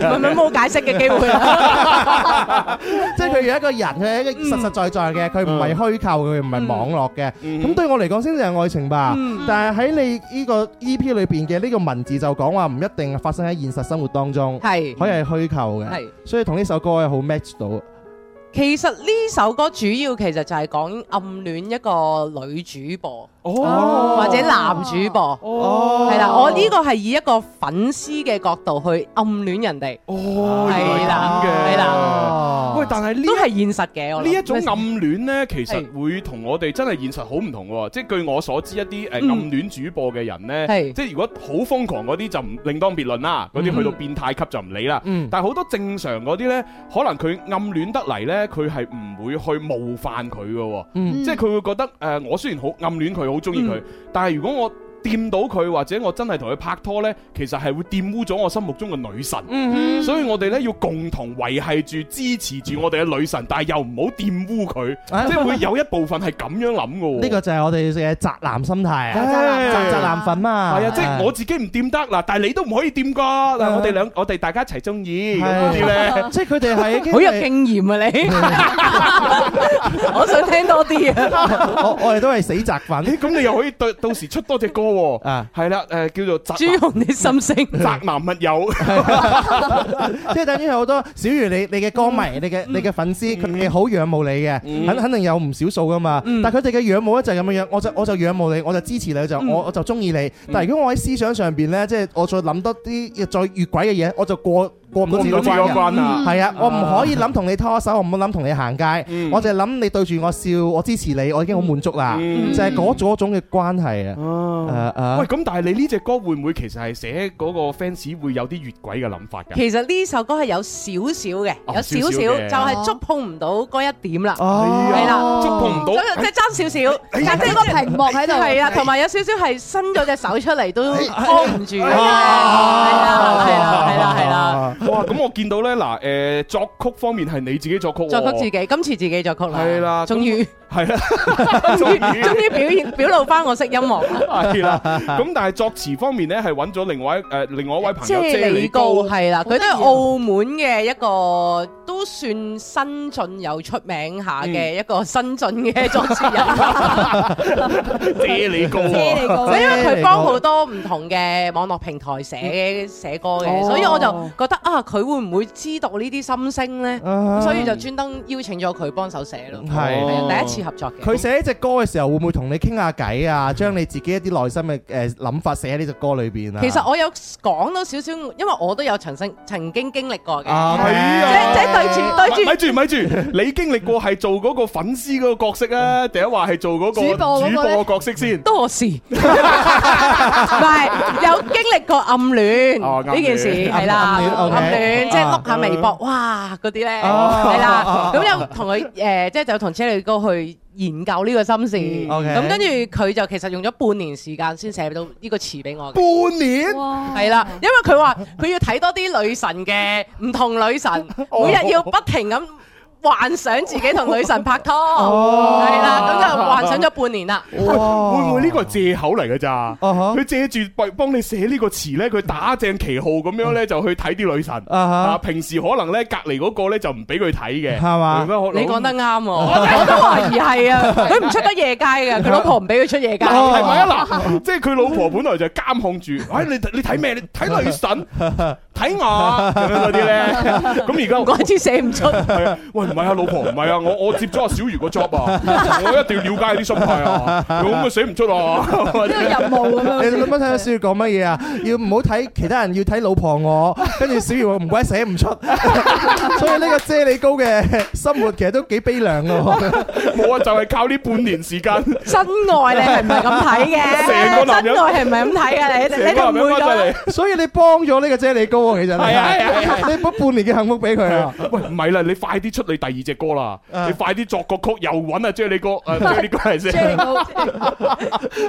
係咪冇解釋嘅機會？ 即係譬如一個人，佢係一個實實在在嘅，佢唔係虛構，佢唔係網絡嘅。咁、嗯、對我嚟講先至係愛情吧。嗯、但係喺你呢個 EP 裏邊嘅呢個文字就講話唔一定發生喺現實生活當中，係可以係虛構嘅。係是，所以同呢首歌係好 match 到。其實呢首歌主要其實就係講暗戀一個女主播。哦，或者男主播，哦，係啦，我呢個係以一個粉絲嘅角度去暗戀人哋，哦，係啦嘅，係啦，喂，但係呢都係現實嘅，呢一種暗戀咧，其實會同我哋真係現實好唔同嘅，即係據我所知，一啲誒暗戀主播嘅人咧，即係如果好瘋狂嗰啲就唔另當別論啦，嗰啲去到變態級就唔理啦，嗯，但係好多正常嗰啲咧，可能佢暗戀得嚟咧，佢係唔會去冒犯佢嘅，嗯，即係佢會覺得誒，我雖然好暗戀佢。好中意佢，嗯，但係如果我，掂到佢，或者我真係同佢拍拖呢，其實係會玷污咗我心目中嘅女神。所以我哋呢，要共同維繫住、支持住我哋嘅女神，但係又唔好玷污佢，即係會有一部分係咁樣諗嘅。呢個就係我哋嘅宅男心態啊！宅男粉啊，係啊！即係我自己唔掂得啦，但係你都唔可以掂噶。我哋兩，我哋大家一齊中意，即係佢哋係好有經驗啊！你，我想聽多啲啊！我我哋都係死宅粉，咁你又可以到到時出多隻歌。啊，係啦，嗯，誒，叫做豬紅啲心聲，宅男密友，即係等於有好多小瑜，你你嘅歌迷，你嘅你嘅粉絲，佢哋好仰慕你嘅，肯，嗯，肯定有唔少數噶嘛，嗯，但係佢哋嘅仰慕咧就係咁嘅樣，我就我就仰慕你，我就支持你，就我，嗯，我就中意你，但係如果我喺思想上邊咧，即，就，係，是，我再諗多啲，再越軌嘅嘢，我就過過唔到自己嘅關啊！係啊，我唔可以諗同你拖手，我唔好諗同你行街，我淨係諗你對住我笑，我支持你，我已經好滿足啦。就係嗰種嗰種嘅關係啊！誒誒，喂，咁但係你呢隻歌會唔會其實係寫嗰個 fans 會有啲越軌嘅諗法㗎？其實呢首歌係有少少嘅，有少少就係觸碰唔到嗰一點啦，係啦，觸碰唔到，即係爭少少，但係即係個屏幕喺度，係啊，同埋有少少係伸咗隻手出嚟都封唔住嘅，係啦，係啦，係啦，係啦。哇！咁、嗯、 我見到咧，嗱，誒、呃、作曲方面係你自己作曲、啊，作曲自己，我今次自己作曲啦，係啦，終於那。 係啦，終於 終於 表現表露翻我識音樂啦， 咁但係作詞方面咧，係揾咗另外一、呃、另外一位朋友，啫喱哥係啦，佢都係澳門嘅一個都算新進又出名下嘅一個新進嘅作詞人。啫喱哥、啊、因為佢幫好多唔同嘅網絡平台寫、嗯、寫歌嘅，所以我就覺得啊，佢會唔會知道呢啲心聲咧？嗯、所以就專登邀請咗佢幫手寫咯。係的，第一次。合作嘅，佢寫呢隻歌嘅時候會唔會同你傾下偈啊？將你自己一啲內心嘅誒諗法寫喺呢隻歌裏邊啊？其實我有講到少少，因為我都有曾經曾經經歷過嘅。即係對住對住，咪住咪住，你經歷過係做嗰個粉絲嗰個角色啊？第一話係做嗰個主播角色先。多事，唔係有經歷過暗戀呢件事係啦，暗戀即係碌下微博哇嗰啲咧係啦，咁有同佢誒，即係就同車里哥去。研究呢個心事，咁跟住佢就其實用咗半年時間先寫到呢個詞俾我。半年？係啦，因為佢話佢要睇多啲女神嘅，唔同女神， 哦、每日要不停噉。幻想自己同女神拍拖，係啦，咁就幻想咗半年啦。會唔會呢個係借口嚟嘅咋？佢借住幫你寫呢個詞咧，佢打正旗號咁樣咧就去睇啲女神。啊，平時可能咧隔籬嗰個咧就唔俾佢睇嘅，係嘛？你講得啱，我都懷疑係啊。佢唔出得夜街嘅，佢老婆唔俾佢出夜街。係咪啊嗱？即係佢老婆本來就係監控住。哎，你你睇咩？你睇女神，睇我咁啲咧。咁而家唔怪之寫唔出。.唔係啊，老婆唔係啊，我我接咗阿小瑜個 job 啊，我一定要了解啲心態啊，咁佢寫唔出啊，即係任務咁樣。你諗睇聽小瑜講乜嘢啊？要唔好睇其他人，要睇老婆我。跟住小瑜話唔怪，寫唔出。 所以呢個啫喱膏嘅生活其實都幾悲涼咯、啊。冇啊，就係、是、靠呢半年時間。真愛你係唔係咁睇嘅？成個男人係唔係咁睇啊？你你唔會？所以你幫咗呢個啫喱膏喎，其實係啊，啊你補半年嘅幸福俾佢啊。喂，唔係啦，你快啲出嚟！第二隻歌啦，你快啲作個曲又揾啊！即係你歌，即係你歌嚟先。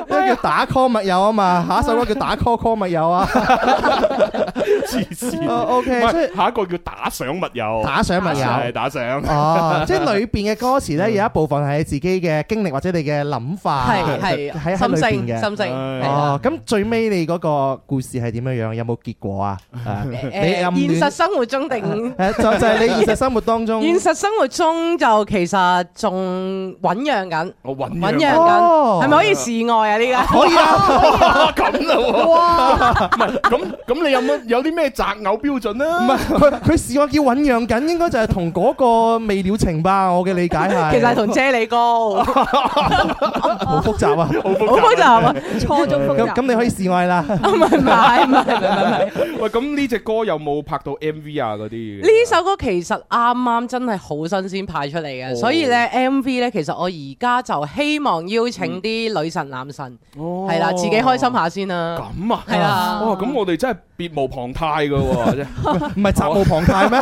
即係叫打 call 密友啊嘛，下一首歌叫打 call call 密友啊。黐線。O K，下一個叫打賞密友，打賞密友係打賞。哦，即係裏邊嘅歌詞咧，有一部分係自己嘅經歷或者你嘅諗法，係係喺心聲嘅心聲。哦，咁最尾你嗰個故事係點樣樣？有冇結果啊？誒，現實生活中定誒就就係你現實生活當中現實。生活中就其實仲醞釀緊，醞釀緊，係咪可以示愛啊？呢個可以啊，咁咯，哇！咁咁你有冇有啲咩擇偶標準啊？唔係佢佢示愛叫醞釀緊，應該就係同嗰個未了情吧？我嘅理解係，其實係同啫喱哥，好複雜啊！好複雜，初中複雜。咁你可以示愛啦。唔係唔係唔係唔係，喂！咁呢隻歌有冇拍到 MV 啊？嗰啲呢首歌其實啱啱真係好。好新鮮派出嚟嘅，所以咧 MV 咧，其實我而家就希望邀請啲女神男神，係啦，自己開心下先啦。咁啊，哇，咁我哋真係別無旁貸噶，唔係責無旁貸咩？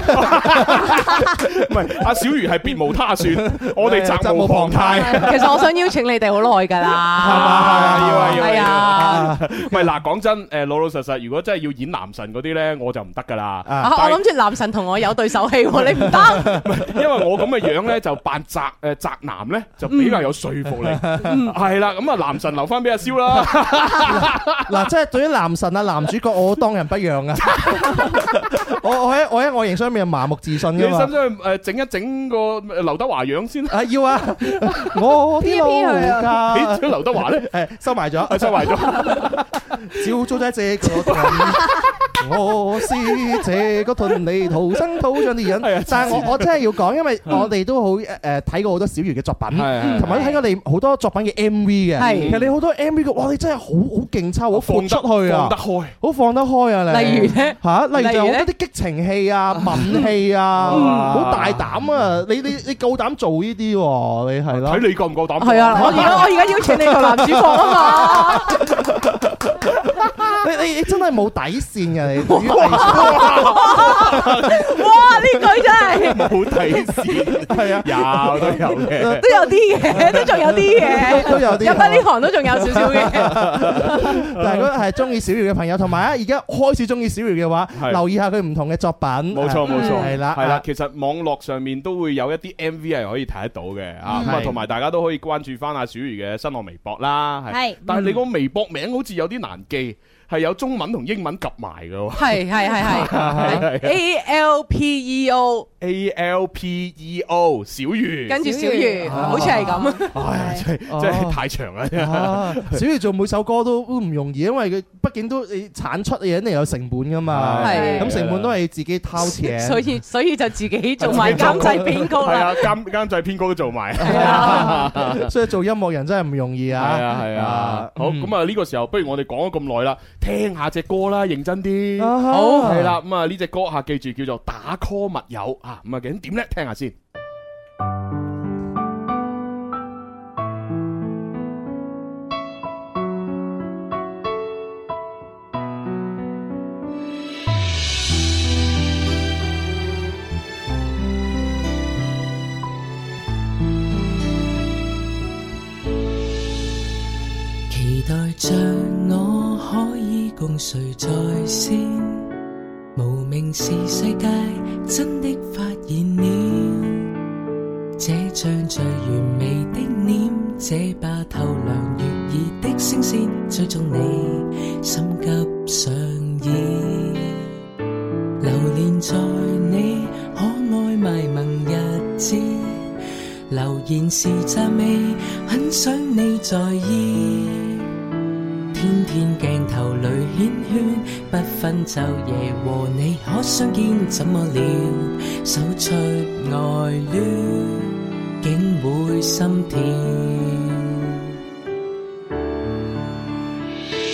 唔係阿小瑜係別無他選，我哋責無旁貸。其實我想邀請你哋好耐噶啦，係啊，啊，啊，唔係嗱，講真，誒，老老實實，如果真係要演男神嗰啲咧，我就唔得噶啦。我諗住男神同我有對手戲，你唔得。因為我咁嘅樣咧，就扮宅誒宅男咧，就比較有說服力，係啦，嗯。咁啊，男神留翻俾阿蕭啦。嗱、啊，即、啊、係、就是、對於男神啊男主角，我當仁不讓啊。 我我喺我喺外形上面係麻木自信噶嘛。你使唔使去誒整一整個劉德華樣先啊？啊要啊，我 P P 去啊。點解劉德華咧？誒、哎，收埋咗，收埋咗，小租仔借腳。 我師姐嗰套你土生土長啲人，但係我我真係要講，因為我哋都好誒睇過好多小瑜嘅作品，同埋睇過你好多作品嘅 MV 嘅。其實你好多 MV 嘅，哇！你真係好好勁抽，好放出去啊，好放得開，好放得開啊！例如咧嚇，例如有好多啲激情戲啊、吻戲啊，好大膽啊！你你你夠膽做呢啲喎？你係啦，睇你夠唔夠膽？係啊！我而家我而家邀請你做男主角啊嘛！你你真係冇底線嘅你，哇！呢句真係冇底線，係啊，有都有嘅，都有啲嘅，都仲有啲嘅，都有啲入咗呢行都仲有少少嘅。但如果係中意小瑜嘅朋友，同埋啊，而家開始中意小瑜嘅話，留意下佢唔同嘅作品，冇錯冇錯，係啦係啦。其實網絡上面都會有一啲 MV 係可以睇得到嘅啊。咁啊，同埋大家都可以關注翻阿小瑜嘅新浪微博啦。係，但係你個微博名好似有啲難記。係有中文同英文夾埋㗎喎。係，係，係係。A L P E O。A L P E O，小魚。跟住小魚，好似係咁。係，真係真係太長啦！小魚做每首歌都唔容易，因為佢畢竟都你產出，你肯定有成本㗎嘛。係。咁成本都係自己掏錢。所以所以就自己做埋監製編曲。係啊，監監製編曲都做埋。係啊。所以做音樂人真係唔容易啊。係啊係啊。好，咁啊呢個時候，不如我哋講咗咁耐啦。聽下隻歌啦，認真啲，好係啦。咁啊呢隻歌吓，記住叫做打 call 密友啊。咁啊究竟點咧？聽下先。共誰在線？無名是世界真的發現了，這張最完美的臉，這把透亮悅耳的聲線，追蹤你。就夜和你可相見，怎麼了？手出愛戀，竟會心跳。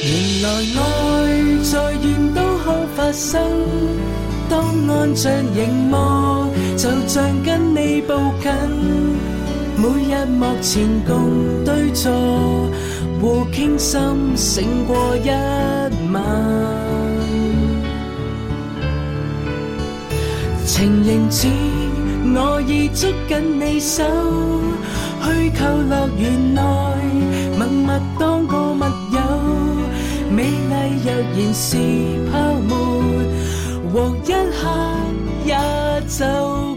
原來愛在遠都可發生，當按著熒幕，就像跟你步近，每日幕前共對坐，互傾心，勝過一晚。情形似我已捉緊你手，虛構樂園內默默當個密友，美麗若然是泡沫，或一刻也就。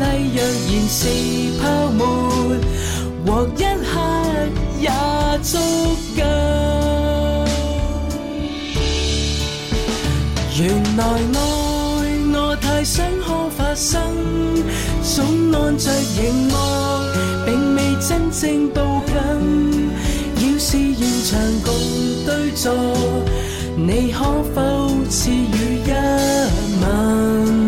若然是泡沫，或一刻也足夠。原來愛我，我太想可發生，總按着凝望，並未真正步近。要是現場共對坐，你可否賜予一吻？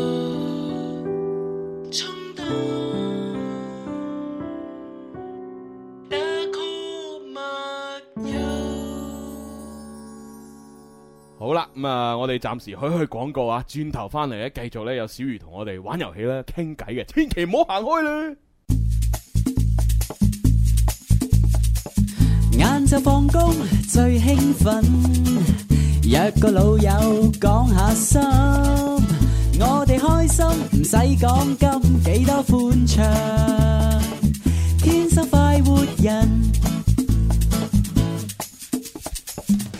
咁啊、嗯！我哋暫時去去廣告啊，轉頭翻嚟咧，繼續咧有小瑜同我哋玩遊戲啦。傾偈嘅，千祈唔好行開咧。晏晝放工最興奮，一個老友講下心，我哋開心唔使講金，幾多歡暢，天生快活人。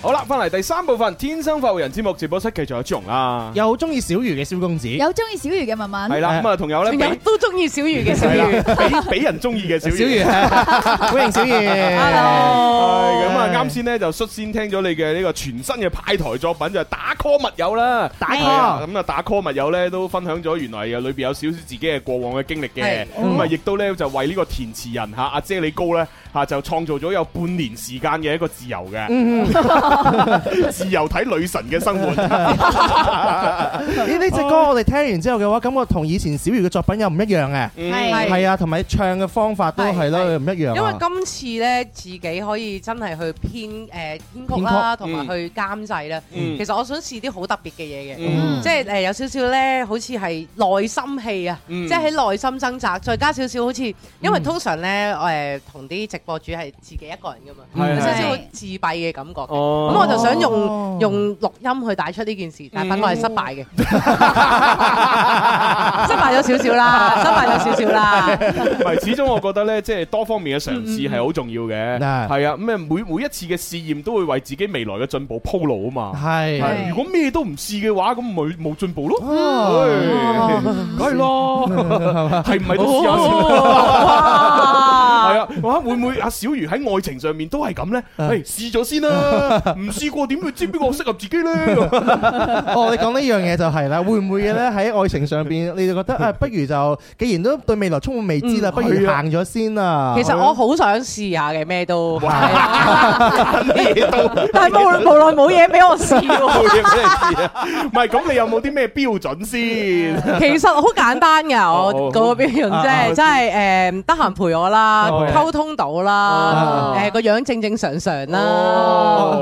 好啦，翻嚟第三部分《天生發育人》節目直播室，繼續有朱龍啦，有中意小瑜嘅蕭公子，有中意小瑜嘅文文，係啦，咁啊，同有咧都中意小瑜嘅小瑜，俾俾人中意嘅小瑜，歡迎小瑜，hello。咁啊，啱先咧就率先聽咗你嘅呢個全新嘅派台作品就係打 call 密友啦，打 call 啊！咁啊，打 call 密友咧都分享咗原來又裏邊有少少自己嘅過往嘅經歷嘅，咁啊，亦都咧就為呢個填詞人嚇阿姐你高咧嚇就創造咗有半年時間嘅一個自由嘅。自由睇女神嘅生活。呢呢隻歌我哋聽完之後嘅話，感覺同以前小瑜嘅作品又唔一樣嘅。係係啊，同埋唱嘅方法都係啦，又唔一樣。因為今次咧，自己可以真係去編誒編曲啦，同埋去監製啦。其實我想試啲好特別嘅嘢嘅，即係誒有少少咧，好似係內心戲啊，即係喺內心掙扎，再加少少好似，因為通常咧，我誒同啲直播主係自己一個人噶嘛，有少少好自閉嘅感覺。咁我就想用用錄音去帶出呢件事，但係本來係失敗嘅，失敗咗少少啦，失敗咗少少啦。係，始終我覺得咧，即係多方面嘅嘗試係好重要嘅，係啊。咁啊，每每一次嘅試驗都會為自己未來嘅進步鋪路啊嘛。係，如果咩都唔試嘅話，咁咪冇進步咯。梗係咯，係唔係都試下先？係啊，哇，會唔會阿小瑜喺愛情上面都係咁咧？誒，試咗先啦。唔試過點會知邊個適合自己咧？哦，你講呢樣嘢就係啦，會唔會嘅咧喺愛情上邊，你就覺得啊，不如就既然都對未來充滿未知啦，不如行咗先啊！其實我好想試下嘅，咩都，但係無無論冇嘢俾我試，唔係咁，你有冇啲咩標準先？其實好簡單嘅，我個標準即係即係誒，得閒陪我啦，溝通到啦，誒，個樣正正常常啦。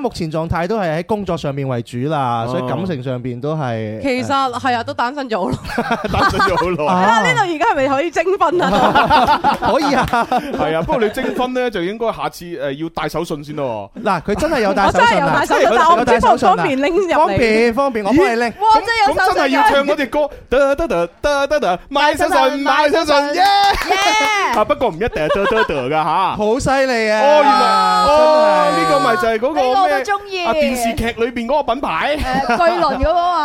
目前狀態都係喺工作上面為主啦，所以感情上邊都係其實係啊，都單身咗好耐，單身咗好耐啊！呢度而家係咪可以徵婚啊？可以啊，係啊！不過你徵婚咧，就應該下次誒要帶手信先咯。嗱，佢真係有帶，真係有帶手信，但係我真係方便拎入嚟，方便方便。我幫你拎，哇！真係有手信，真係要唱嗰隻歌，得得得得得得，買手信買手信耶！啊，不過唔一定係得得得噶嚇，好犀利啊！哦，原來哦，呢個咪就係嗰個。我都中意，啊。電視劇裏邊嗰個品牌，誒、呃，巨輪嗰個。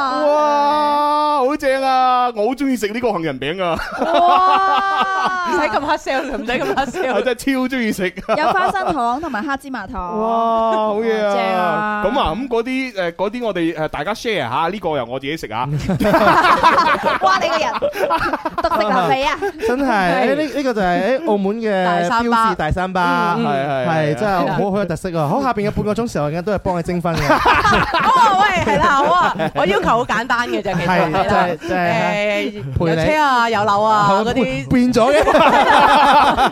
好正啊！我好中意食呢個杏仁餅啊！哇！唔使咁黑笑，唔使咁黑笑，我真係超中意食。有花生糖同埋黑芝麻糖。哇，好嘢啊！正啊！咁啊，咁嗰啲誒，嗰啲我哋誒，大家 share 吓，呢個由我自己食啊！哇，你個人獨特口味啊！真係誒，呢呢個就喺澳門嘅大三巴，大三巴係係係，真係好好有特色啊！好，下邊嘅半個鐘時候，我而家都係幫你徵婚嘅。哦，喂，係啦，好啊，我要求好簡單嘅啫，其實。即係陪你有車啊有樓啊嗰啲，變咗嘅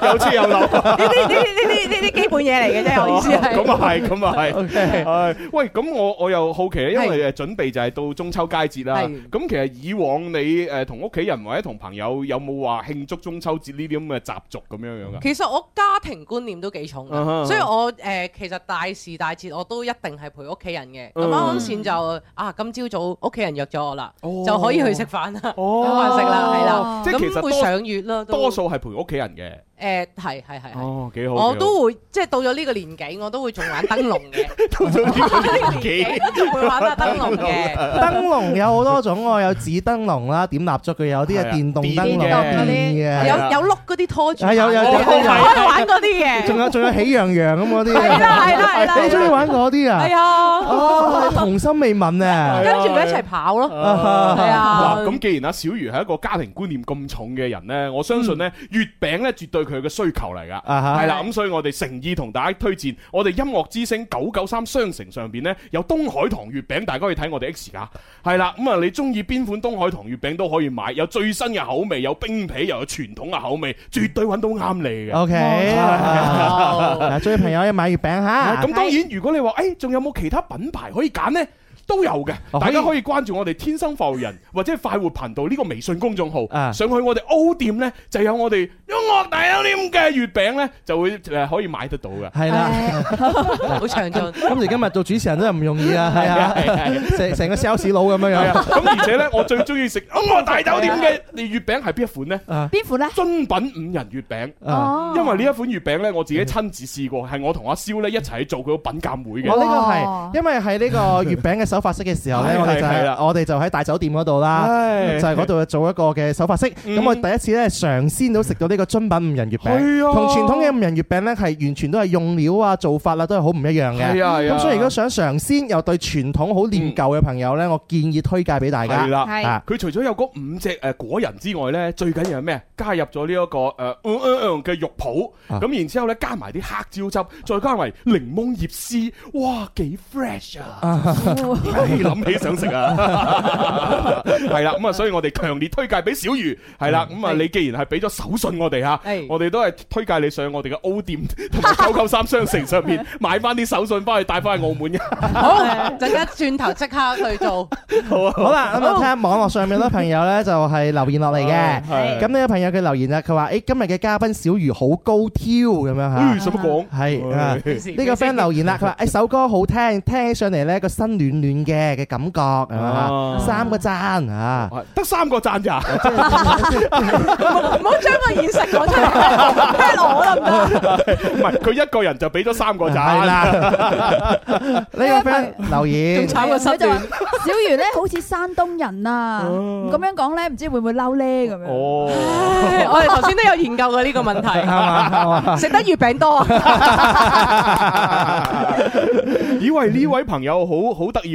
有車有樓，呢啲呢啲呢啲基本嘢嚟嘅啫。我意思係咁啊，係咁啊，係係喂，咁我我又好奇，因為誒準備就係到中秋佳節啦。咁其實以往你誒同屋企人或者同朋友有冇話慶祝中秋節呢啲咁嘅習俗咁樣樣嘅？其實我家庭觀念都幾重，所以我誒其實大事大節我都一定係陪屋企人嘅。咁啱先就啊，今朝早屋企人約咗我啦，就可以。去食飯啦，冇飯食啦，係啦，咁、哦、了其實會賞月咯，多數係陪屋企人嘅。誒係係係，哦，幾好，我都會即係到咗呢個年紀，我都會仲玩燈籠嘅。到咗呢個年紀，仲會玩下燈籠嘅。燈籠有好多種喎，有紙燈籠啦，點蠟燭嘅有啲啊，電動燈籠嘅，有有碌嗰啲拖住，係有有玩嗰啲嘢。仲有仲有喜羊羊咁嗰啲，係啦係啦係啦，你中意玩嗰啲啊？係啊，哦，童心未泯啊，跟住咪一齊跑咯。係啊，嗱咁既然阿小瑜係一個家庭觀念咁重嘅人咧，我相信咧月餅咧絕對佢。佢嘅需求嚟噶，係啦、uh，咁、huh. 所以我哋誠意同大家推薦，我哋音樂之星九九三商城上邊呢有東海堂月餅，大家可以睇我哋 X 噶，係啦，咁啊你中意邊款東海堂月餅都可以買，有最新嘅口味，有冰皮，又有傳統嘅口味，絕對揾到啱你嘅。OK，嗱，中意朋友一買月餅吓。咁 當然如果你話誒，仲、哎、有冇其他品牌可以揀呢？都有嘅，大家可以關注我哋天生浮人或者快活頻道呢個微信公眾號，上去我哋 O 店咧就有我哋音樂大酒店嘅月餅咧，就會誒可以買得到嘅。係啦，好長進。咁而今日做主持人真係唔容易啊，係啊，成成個 sales 佬咁樣樣。咁而且咧，我最中意食音樂大酒店嘅你月餅係邊一款呢？邊款咧？尊品五仁月餅。哦，因為呢一款月餅咧，我自己親自試過，係我同阿蕭咧一齊去做佢個品鑑會嘅。我呢個係因為喺呢個月餅嘅。手法式嘅時候呢，我哋就係啦，我哋就喺大酒店嗰度啦，就喺嗰度做一個嘅手法式。咁、嗯、我第一次呢，嘗鮮都食到呢個樽品五仁月餅，同、啊、傳統嘅五仁月餅呢，係完全都係用料啊、做法啊都係好唔一樣嘅。咁、啊啊、所以如果想嘗鮮又對傳統好念舊嘅朋友呢，嗯、我建議推介俾大家啦。佢、啊啊啊、除咗有嗰五隻誒果仁之外呢，最緊要係咩？加入咗呢一個誒、嗯、嘅、嗯嗯、肉脯，咁、啊、然之後呢，加埋啲黑椒汁，再加埋檸檬葉絲，哇，幾 fresh 啊！啊 諗起想食啊，係啦，咁啊，所以我哋強烈推介俾小瑜，係啦，咁啊，你既然係俾咗手信我哋吓，我哋都係推介你上我哋嘅 O 店同埋九九三商城上面買翻啲手信翻去帶翻去澳門嘅。好，陣間轉頭即刻去做。好啊，好啦，咁我睇下網絡上面咧，朋友咧就係留言落嚟嘅。係，咁呢個朋友佢留言啦，佢話：，誒，今日嘅嘉賓小瑜好高挑，咁樣吓。嗯，使乜講？係呢個 friend 留言啦，佢話：，誒，首歌好聽，聽起上嚟咧個心暖暖。嘅嘅感覺，三個讚嚇，得三個讚咋？唔好將個現實講出嚟，劈我啦！唔係佢一個人就俾咗三個讚啦。呢個咩？留言仲慘過收件。小瑜咧好似山東人啊，咁樣講咧，唔知會唔會嬲咧咁樣？哦，我哋頭先都有研究過呢個問題，食得月餅多。以為呢位朋友好好得意。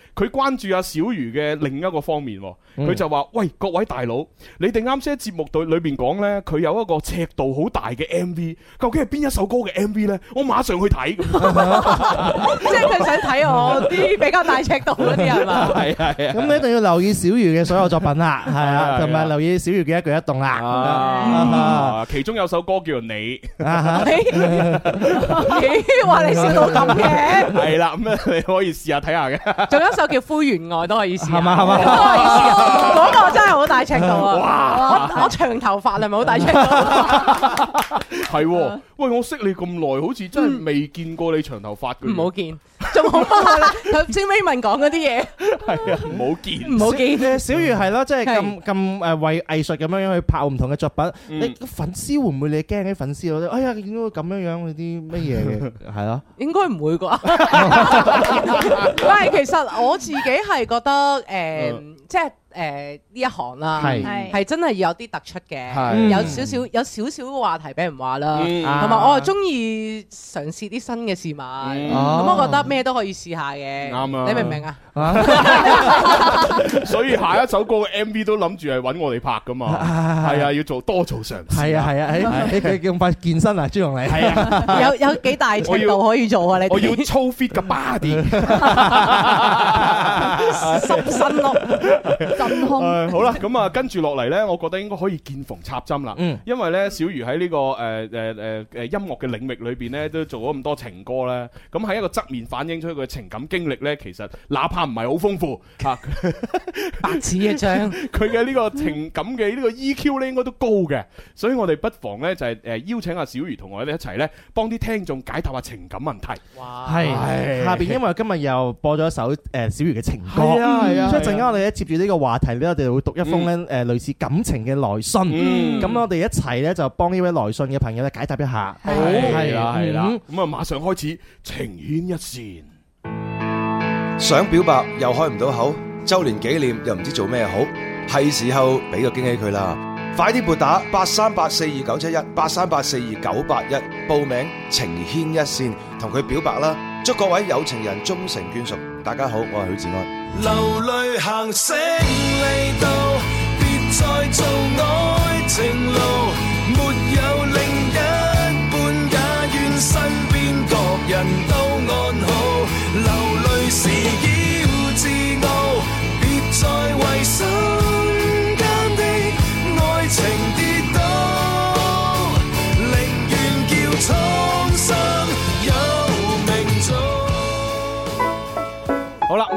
佢關注阿小瑜嘅另一個方面，佢就話：喂，各位大佬，你哋啱先喺節目度裏邊講咧，佢有一個尺度好大嘅 MV，究竟係邊一首歌嘅 MV 咧？我馬上去睇，即係佢想睇我啲比較大尺度嗰啲人啦。係係，咁你一定要留意小瑜嘅所有作品啦，係，同埋留意小瑜嘅一舉一動啦。啊，其中有首歌叫做《你》，咦？話你笑到咁嘅，係啦，咁你可以試下睇下嘅。仲有一首。叫灰原外都係意思，係嘛，係嘛，嗰個真係好大尺度啊！哇，我長頭髮啦，係咪好大尺度？係，喂，我識你咁耐，好似真係未見過你長頭髮。唔好見，仲好啦。頭先威文講嗰啲嘢，係啊，唔好見，唔好見。誒，小瑜係咯，即係咁咁誒，為藝術咁樣樣去拍唔同嘅作品。你粉絲會唔會你驚啲粉絲覺得哎呀，點解咁樣樣嗰啲乜嘢嘅？係啊，應該唔會啩？但係其實我。我自己係覺得誒，即係。誒呢一行啦，係係真係有啲突出嘅，有少少有少少嘅話題俾人話啦，同埋我又中意嘗試啲新嘅事物，咁我覺得咩都可以試下嘅。啱啊！你明唔明啊？所以下一首歌嘅 MV 都諗住係揾我哋拍噶嘛？係啊，要做多做嘗試。係啊係啊！用你快健身啊？朱容利，有有幾大程度可以做啊？你我要操 fit 嘅 body，修身咯。誒，好啦，咁啊，跟住落嚟呢，我覺得應該可以見縫插針啦。嗯，因為呢，小瑜喺呢個誒誒誒音樂嘅領域裏邊呢，都做咗咁多情歌咧，咁喺一個側面反映出佢嘅情感經歷呢，其實哪怕唔係好豐富吓，白紙一張，佢嘅呢個情感嘅呢個 EQ 呢應該都高嘅，所以我哋不妨呢，就係誒邀請阿小瑜同我哋一齊呢，幫啲聽眾解答下情感問題。哇，係，下邊因為今日又播咗一首誒小瑜嘅情歌，咁一陣間我哋接住呢個話。話題咧，我哋會讀一封咧，誒類似感情嘅來信，咁、嗯、我哋一齊咧就幫呢位來信嘅朋友咧解答一下。係啦係啦，咁啊、嗯、馬上開始情牽一線，想表白又開唔到口，周年紀念又唔知做咩好，係時候俾個驚喜佢啦！快啲撥打八三八四二九七一八三八四二九八一報名情牽一線，同佢表白啦！祝各位有情人終成眷屬。大家好，我係許志安。流淚行勝利道，別再做愛情路。沒有另一半，也願身邊各人到。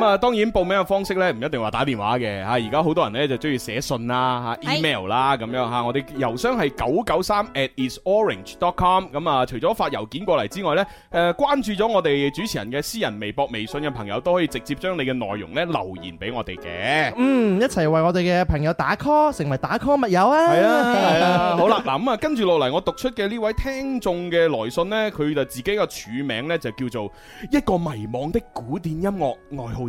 啊，當然報名嘅方式咧，唔一定話打電話嘅吓，而家好多人咧就中意寫信啦，啊，吓 email 啦，咁樣吓，我哋郵箱係九九三 at isorange.com，咁啊，除咗發郵件過嚟之外咧，誒、啊，關注咗我哋主持人嘅私人微博、微信嘅朋友都可以直接將你嘅內容咧留言俾我哋嘅。嗯，一齊為我哋嘅朋友打 call，成為打 call 密友啊！係啊，係啊， 啊，好啦，嗱咁啊，跟住落嚟，我讀出嘅呢位聽眾嘅來信呢，佢就自己個署名咧就叫做一個迷茫的古典音樂愛好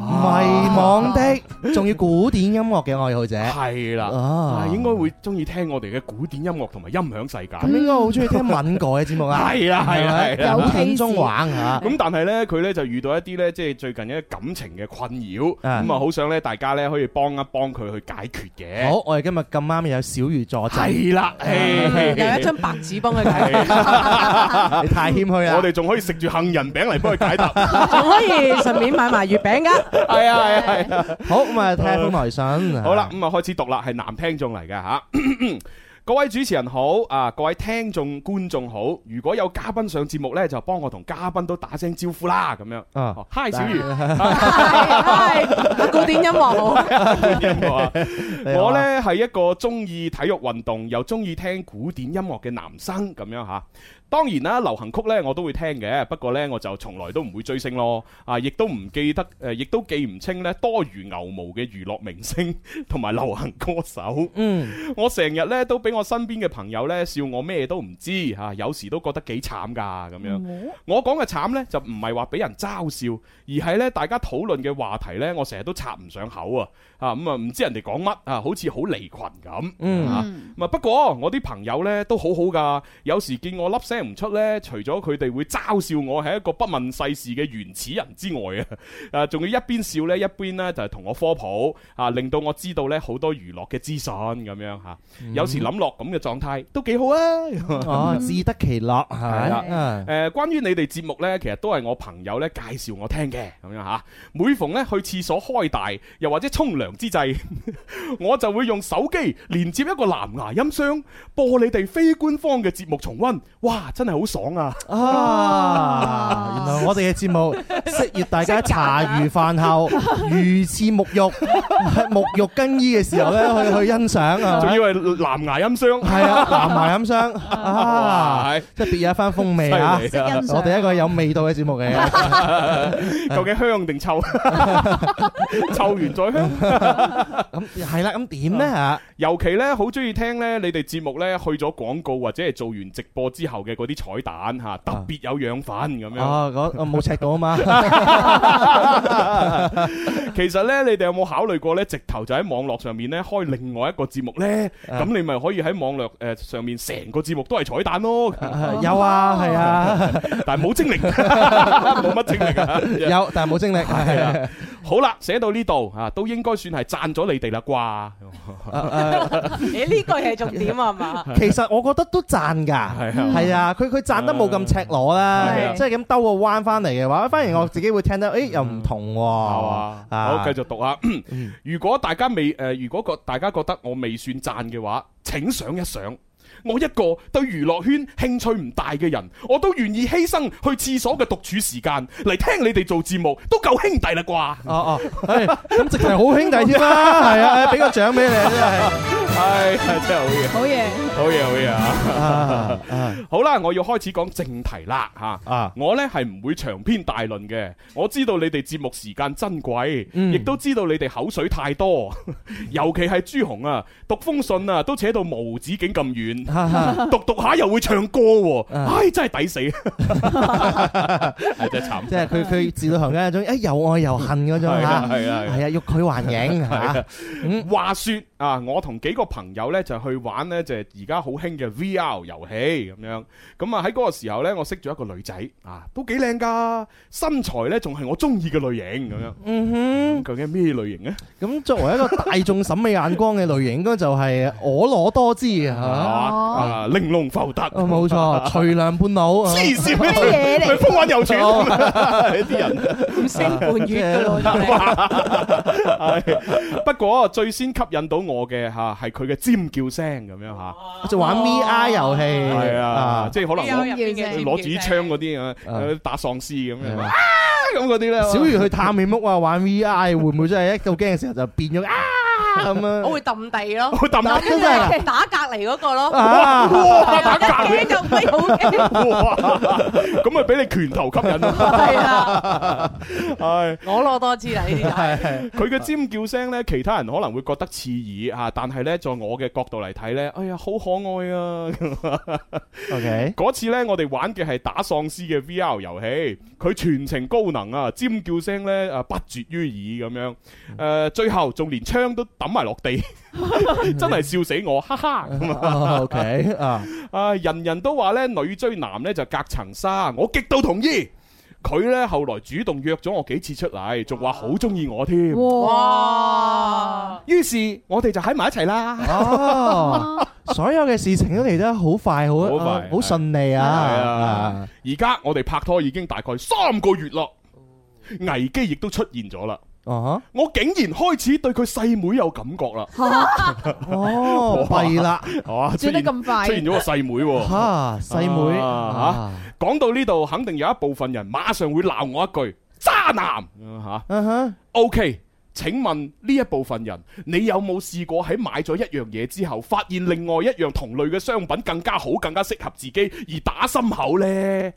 迷惘的，仲要古典音樂嘅愛好者係 啦，係應該會中意聽我哋嘅古典音樂同埋音響世界，咁應該好中意聽敏改嘅節目、啊、 啦。係啦係啦，有聽中玩啊！咁、嗯、但係咧，佢咧就遇到一啲咧，即係最近一啲感情嘅困擾，咁啊好想咧，大家咧可以幫一幫佢去解決嘅。好，我哋今日咁啱有小瑜助陣，係啦，有一張白紙幫佢，睇。你太謙虛啦！我哋仲可以食住杏仁餅嚟幫佢解答，仲 可以順便買埋月餅噶。係啊係啊係啊！好，咁啊，聽封來信。好啦，咁啊開始讀啦，係男聽眾嚟嘅吓。各位主持人好，啊各位聽眾觀眾好。如果有嘉賓上節目呢，就幫我同嘉賓都打聲招呼啦。咁樣，啊，Hi 小瑜，係古典音樂，我呢係一個中意體育運動又中意聽古典音樂嘅男生。咁樣吓。當然啦，流行曲呢我都會聽嘅，不過呢，我就從來都唔會追星咯。啊，亦都唔記得誒、呃，亦都記唔清呢多如牛毛嘅娛樂明星同埋流行歌手。嗯，我成日呢都俾我身邊嘅朋友呢笑我咩都唔知嚇、啊，有時都覺得幾慘噶咁樣。嗯、我講嘅慘呢就唔係話俾人嘲笑，而係呢大家討論嘅話題呢，我成日都插唔上口啊。啊、嗯、咁啊，唔知人哋講乜啊，好似好離群咁。嗯啊不過我啲朋友呢都好好噶，有時見我粒聲。嗯嗯唔出呢，除咗佢哋會嘲笑我係一個不問世事嘅原始人之外啊，誒，仲要一邊笑呢一邊呢，就係、是、同我科普啊，令到我知道呢好多娛樂嘅資訊咁樣吓、啊。有時諗落咁嘅狀態都幾好啊！嗯、哦，自得其樂係啦。關於你哋節目呢，其實都係我朋友呢介紹我聽嘅咁樣吓、啊。每逢呢去廁所開大，又或者沖涼之際， 我就會用手機連接一個藍牙音箱，播你哋非官方嘅節目重温。哇！真係好爽啊！啊，原來我哋嘅節目適宜大家茶餘飯後、如廁沐浴、沐浴更衣嘅時候咧，去去欣賞啊！仲以為藍牙音箱？係啊，藍牙音箱啊，即係別有一番風味啊！我哋一個有味道嘅節目嚟，究竟香定臭？臭完再香？咁係啦，咁點咧啊？尤其咧，好中意聽咧，你哋節目咧，去咗廣告或者係做完直播之後嘅。嗰啲彩蛋嚇，特別有養分咁樣。哦，我冇赤到啊嘛。其實咧，你哋有冇考慮過咧？直頭就喺網絡上面咧，開另外一個節目咧，咁你咪可以喺網絡誒上面成個節目都係彩蛋咯。有啊，係啊，但係冇精力，冇乜精力噶。有，但係冇精力。係啊。好啦，寫到呢度嚇，都應該算係贊咗你哋啦，啩？你呢個係重點啊嘛。其實我覺得都贊噶，係啊，係啊。佢佢讚得冇咁赤裸啦，okay 啊、即係咁兜個彎翻嚟嘅話，反而我自己會聽得，誒、哎、又唔同喎，啊嗯。好、啊啊、好繼續讀下。 如果大家未誒、呃，如果個大家覺得我未算讚嘅話，請想一想。我一個對娛樂圈興趣唔大嘅人，我都願意犧牲去廁所嘅獨處時間嚟聽你哋做節目，都夠兄弟啦啩，哦？哦哦，咁直情好兄弟添啦，係啊，俾、 啊、個獎俾你真係，係、哎、真係好嘢爛，好嘢，好嘢好嘢啊！啊好啦，我要開始講正題啦吓，啊、我呢係唔會長篇大論嘅，我知道你哋節目時間珍貴，嗯、亦都知道你哋口水太多，尤其係朱紅啊，讀封信啊，都扯到無止境咁遠。 讀讀下又會唱歌，唉、 哎、真係抵死， 真係慘慘。 即係佢佢字裏行間有種，誒又愛又恨嗰種，係啊係啊，係 啊樂、嗯、欲拒還迎，嗯、話說啊，我同幾個朋友咧就去玩呢就係而家好興嘅 VR 遊戲咁樣。咁啊喺嗰個時候咧，我識咗一個女仔啊，都幾靚噶，身材咧仲係我中意嘅類型咁樣。嗯哼，嗯，究竟咩類型呢？咁 作為一個大眾審美眼光嘅類型，應該就係、是、我攞多姿啊。啊！玲瓏浮突，冇錯，徐娘半老，黐綫啲嘢嚟，風韻猶存，呢啲人五星半月嘅咯。不過最先吸引到我嘅吓係佢嘅尖叫聲咁樣吓，就玩 VR 遊戲係啊，即係可能攞住支槍嗰啲啊，打喪屍咁樣啊，咁嗰啲咧。小瑜去探你屋啊，玩 VR 會唔會真係一到驚嘅時候就變咗啊？咁啊！我會揼地咯地，打隔籬嗰、嗰個咯，哇！哇對打隔籬咁威好勁，咁啊，俾你拳頭吸引哈哈啊！係啊，係我攞多次啦，呢啲係佢嘅尖叫聲咧，其他人可能會覺得刺耳啊，但係咧，在我嘅角度嚟睇咧，哎呀，好可愛啊呵呵！OK，嗰次咧，我哋玩嘅係打喪屍嘅 VR 遊戲，佢全程高能啊，尖叫聲咧啊，不絕於耳咁樣，誒、呃，最後仲連槍都。抌埋落地， 真係笑死我，哈哈 OK 啊，啊人人都話咧女追男咧就隔層紗，我極度同意。佢咧後來主動約咗我幾次出嚟，仲話好中意我添。哇！於是我哋就喺埋一齊啦。哦， 所有嘅事情都嚟得好快，好快，好順利啊！係啊！而家我哋拍拖已經大概三個月啦，危機亦都出現咗啦。啊！Uh huh? 我竟然開始對佢細妹，妹有感覺啦！ 哦，弊啦，哇，轉得咁快， 出現咗個細妹，妹，吓細、 啊、妹吓，講、啊啊、到呢度，肯定有一部分人馬上會鬧我一句渣男，吓、uh，嗯、huh? 哼，OK。請問呢一部分人，你有冇試過喺買咗一樣嘢之後，發現另外一樣同類嘅商品更加好、更加適合自己而打心口呢？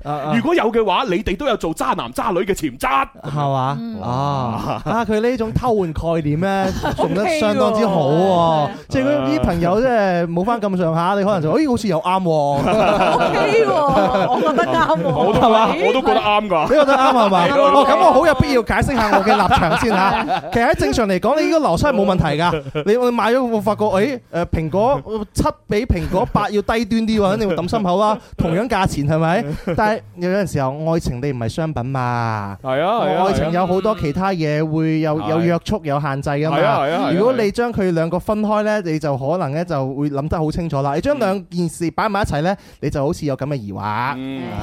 啊啊如果有嘅話，你哋都有做渣男渣女嘅潛質，係嘛？哇、啊啊啊！啊，佢呢種偷換概念呢，做得相當之好喎、啊。即係佢啲朋友，即係冇翻咁上下，你可能就咦、哎，好似又啱，OK，、啊啊、我覺得啱，係嘛、啊？我都覺得啱噶，你覺得啱係嘛？咁、喔、我好有必要解釋下我嘅立場先吓、啊。正常嚟講，你呢個邏輯係冇問題噶。你買咗會發覺，誒，誒，蘋果七比蘋果八要低端啲喎，肯定會抌心口啦。同樣價錢係咪？但係有陣時候，愛情你唔係商品嘛。係啊，愛情有好多其他嘢，會有有約束、有限制噶嘛。如果你將佢兩個分開呢，你就可能咧就會諗得好清楚啦。你將兩件事擺埋一齊呢，你就好似有咁嘅疑惑。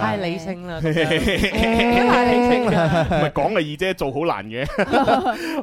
太理性啦，太理性啦。唔係講嘅易啫做好難嘅。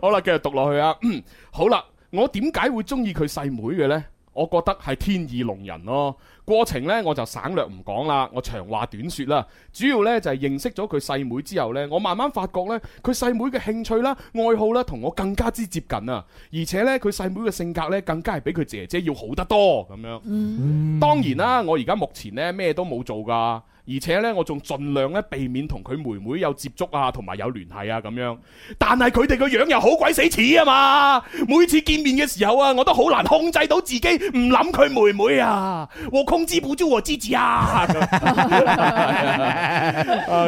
好啦。繼續讀落去啊、嗯，好啦，我點解會中意佢細妹嘅呢？我覺得係天意弄人咯、哦。過程呢，我就省略唔講啦，我長話短說啦。主要呢，就係、是、認識咗佢細妹之後呢，我慢慢發覺呢，佢細妹嘅興趣啦、愛好啦，同我更加之接近啊。而且呢，佢細妹嘅性格呢，更加係比佢姐姐要好得多咁樣。嗯、當然啦，我而家目前呢，咩都冇做噶。而且咧，我仲盡量咧避免同佢妹妹有接觸啊，同埋有聯繫啊咁樣。但係佢哋個樣又好鬼死似啊嘛！每次見面嘅時候啊，我都好難控制到自己唔諗佢妹妹啊，我控制唔住我之子啊！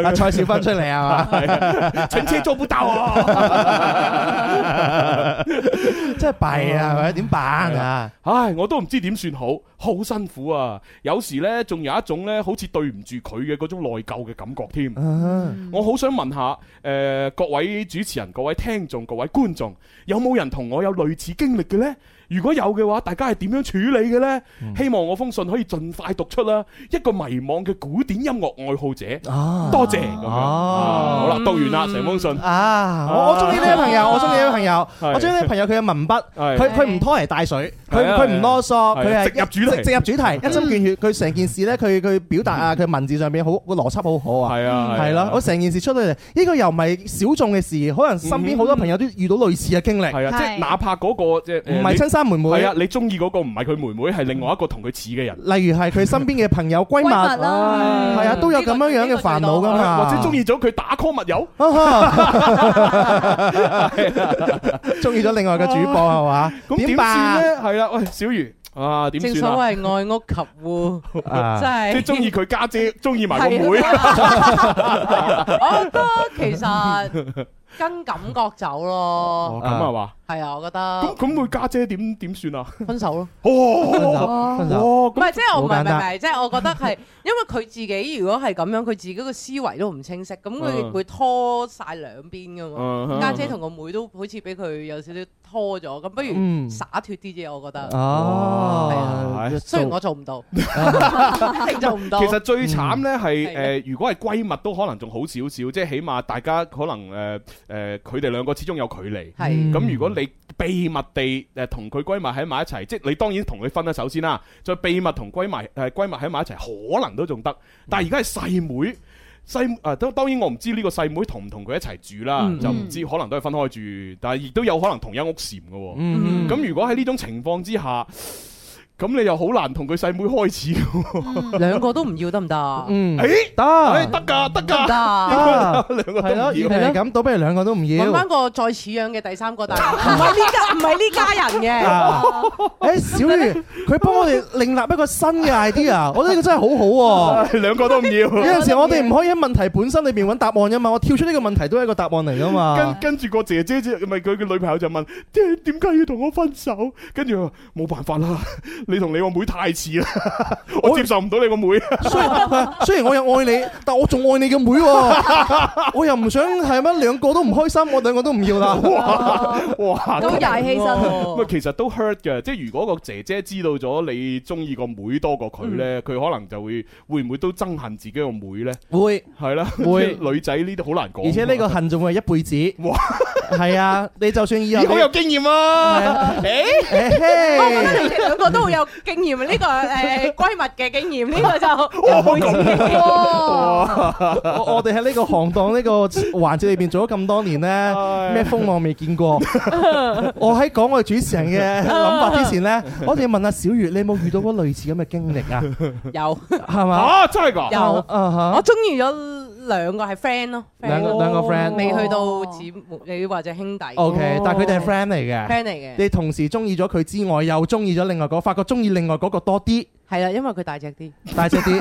阿蔡少芬出嚟 啊嘛 臣妾做唔到啊！真係弊啊，點辦啊？唉，我都唔知點算好。好辛苦啊！有時呢，仲有一種呢好似對唔住佢嘅嗰種內疚嘅感覺添。嗯、我好想問下，誒、呃、各位主持人、各位聽眾、各位觀眾，有冇人同我有類似經歷嘅呢？如果有嘅話，大家係點樣處理嘅呢？希望我封信可以盡快讀出啦。一個迷茫嘅古典音樂愛好者，多謝。好啦，讀完啦，成封信。啊，我我中意呢位朋友，我中意呢位朋友，我中意呢位朋友。佢嘅文筆，佢佢唔拖泥帶水，佢唔囉嗦，佢係直入主題，直入主題，一針見血。佢成件事呢，佢佢表達啊，佢文字上面好，個邏輯好好啊。係啊，係咯。我成件事出到嚟，呢個又唔係小眾嘅事，可能身邊好多朋友都遇到類似嘅經歷。係啊，即係哪怕嗰個即係唔係親身。妹妹係啊，你中意嗰個唔係佢妹妹，係另外一個同佢似嘅人。例如係佢身邊嘅朋友、閨蜜啦，係啊，都有咁樣樣嘅煩惱噶嘛。或者中意咗佢打 call 密友，中意咗另外嘅主播係嘛？咁點算咧？係啊，喂，小瑜啊，點算啊？正所謂愛屋及烏，即係即係中意佢家姐，中意埋個妹。我覺得其實跟感覺走咯。哦，咁啊話。係啊，我覺得咁佢家姐點點算啊？分手咯，哦，分手，唔係即係我唔係唔係，即係我覺得係，因為佢自己如果係咁樣，佢自己個思維都唔清晰，咁佢會拖晒兩邊噶嘛。家姐同個妹都好似俾佢有少少拖咗，咁不如灑脫啲啫。我覺得哦，係啊，雖然我做唔到，係做唔到。其實最慘咧係誒，如果係閨蜜都可能仲好少少，即係起碼大家可能誒誒，佢哋兩個始終有距離，咁如果。秘密地誒，同佢閨蜜喺埋一齊，即係你當然同佢分咗手首先啦。再秘密同閨蜜誒，閨蜜喺埋一齊，可能都仲得。但係而家係細妹，細誒，都當然我唔知呢個細妹同唔同佢一齊住啦，就唔知可能都係分開住，但係亦都有可能同一屋檐嘅。咁、嗯嗯、如果喺呢種情況之下。咁你又好難同佢細妹開始，兩個都唔要得唔得？嗯，誒，得，誒，得噶，得噶，得，兩個都而係諗到不如兩個都唔要，揾翻個再似樣嘅第三個大，唔係呢家唔係呢家人嘅。誒，小瑜，佢幫我哋另立一個新嘅 idea，我覺得呢個真係好好喎。兩個都唔要，有陣時我哋唔可以喺問題本身裏邊揾答案噶嘛，我跳出呢個問題都係一個答案嚟噶嘛。跟跟住個姐姐啫，咪佢嘅女朋友就問：姐，點解要同我分手？跟住冇辦法啦。你同你個妹太似啦，我接受唔到你個妹。雖然雖然我又愛你，但我仲愛你嘅妹，我又唔想係乜，兩個都唔開心，我兩個都唔要啦。哇，都捱起牲！其實都 hurt 嘅，即係如果個姐姐知道咗你中意個妹多過佢呢，佢、嗯、可能就會會唔會都憎恨自己個妹呢？會係啦，的會女仔呢啲好難講。而且呢個恨仲會係一輩子。係啊哇，你就算以後好有經驗啊。你哋兩個都好有。經驗呢個誒閨蜜嘅經驗呢個就唔會似我，我我哋喺呢個行當呢個環節裏邊做咗咁多年咧，咩風浪未見過。我喺講我哋主持人嘅諗法之前咧，我哋問阿小月，你有冇遇到過類似咁嘅經歷啊？有係嘛？啊真係噶？有啊哈！我中意咗。兩個係 friend 咯，兩個兩個 friend 未去到姊妹或者兄弟。O K，但係佢哋係 friend 嚟嘅，friend 嚟嘅。你同時中意咗佢之外，又中意咗另外嗰個，發覺中意另外嗰個多啲。係啦，因為佢大隻啲，大隻啲。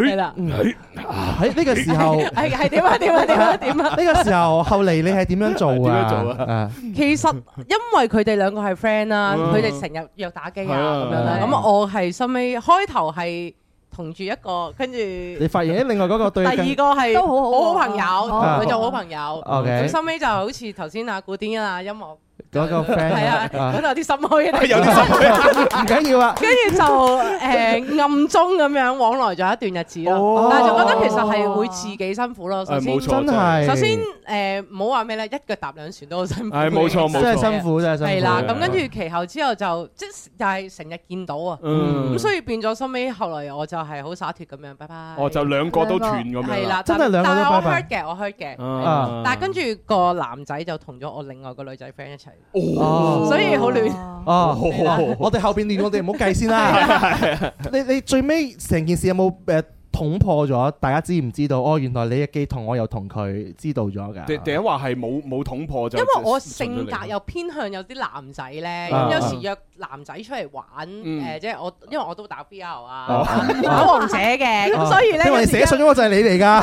係啦，喺呢個時候係係點啊點啊點啊點啊！呢個時候後嚟你係點樣做啊？點樣做啊？其實因為佢哋兩個係 friend 啦，佢哋成日約打機啊咁樣。咁我係收尾開頭係。同住一個，跟住你發現另外嗰個對第二個係都好好朋友，同佢、啊哦、做好朋友，咁收尾就好似頭先啊古典啊音樂。嗰個 friend 係啊，嗰度有啲心虛嘅，係有啲心虛，唔緊要啊。跟住就誒暗中咁樣往來咗一段日子咯，但係就覺得其實係會自己辛苦咯。係冇錯，真係。首先誒唔好話咩咧，一腳踏兩船都好辛苦。係冇錯，真係辛苦，真係辛苦。係啦，咁跟住其後之後就即係成日見到啊，咁所以變咗收尾後來我就係好灑脱咁樣，拜拜。哦，我就兩個都斷咁樣，係啦，真係兩個都。但係我 hurt 嘅，我 hurt 嘅。但係跟住個男仔就同咗我另外個女仔 friend 一齊。哦，所以亂、啊、好亂。哦， 我哋後邊亂，我哋唔好計先啦。你你最尾成件事有冇誒？呃捅破咗，大家知唔知道？哦，原來你嘅記同我又同佢知道咗㗎。第一話係冇冇捅破咗，因為我性格又偏向有啲男仔咧，咁有時約男仔出嚟玩，誒，即係我，因為我都打 B L 啊，打王者嘅，咁所以咧。因為寫信嗰個就係你嚟㗎。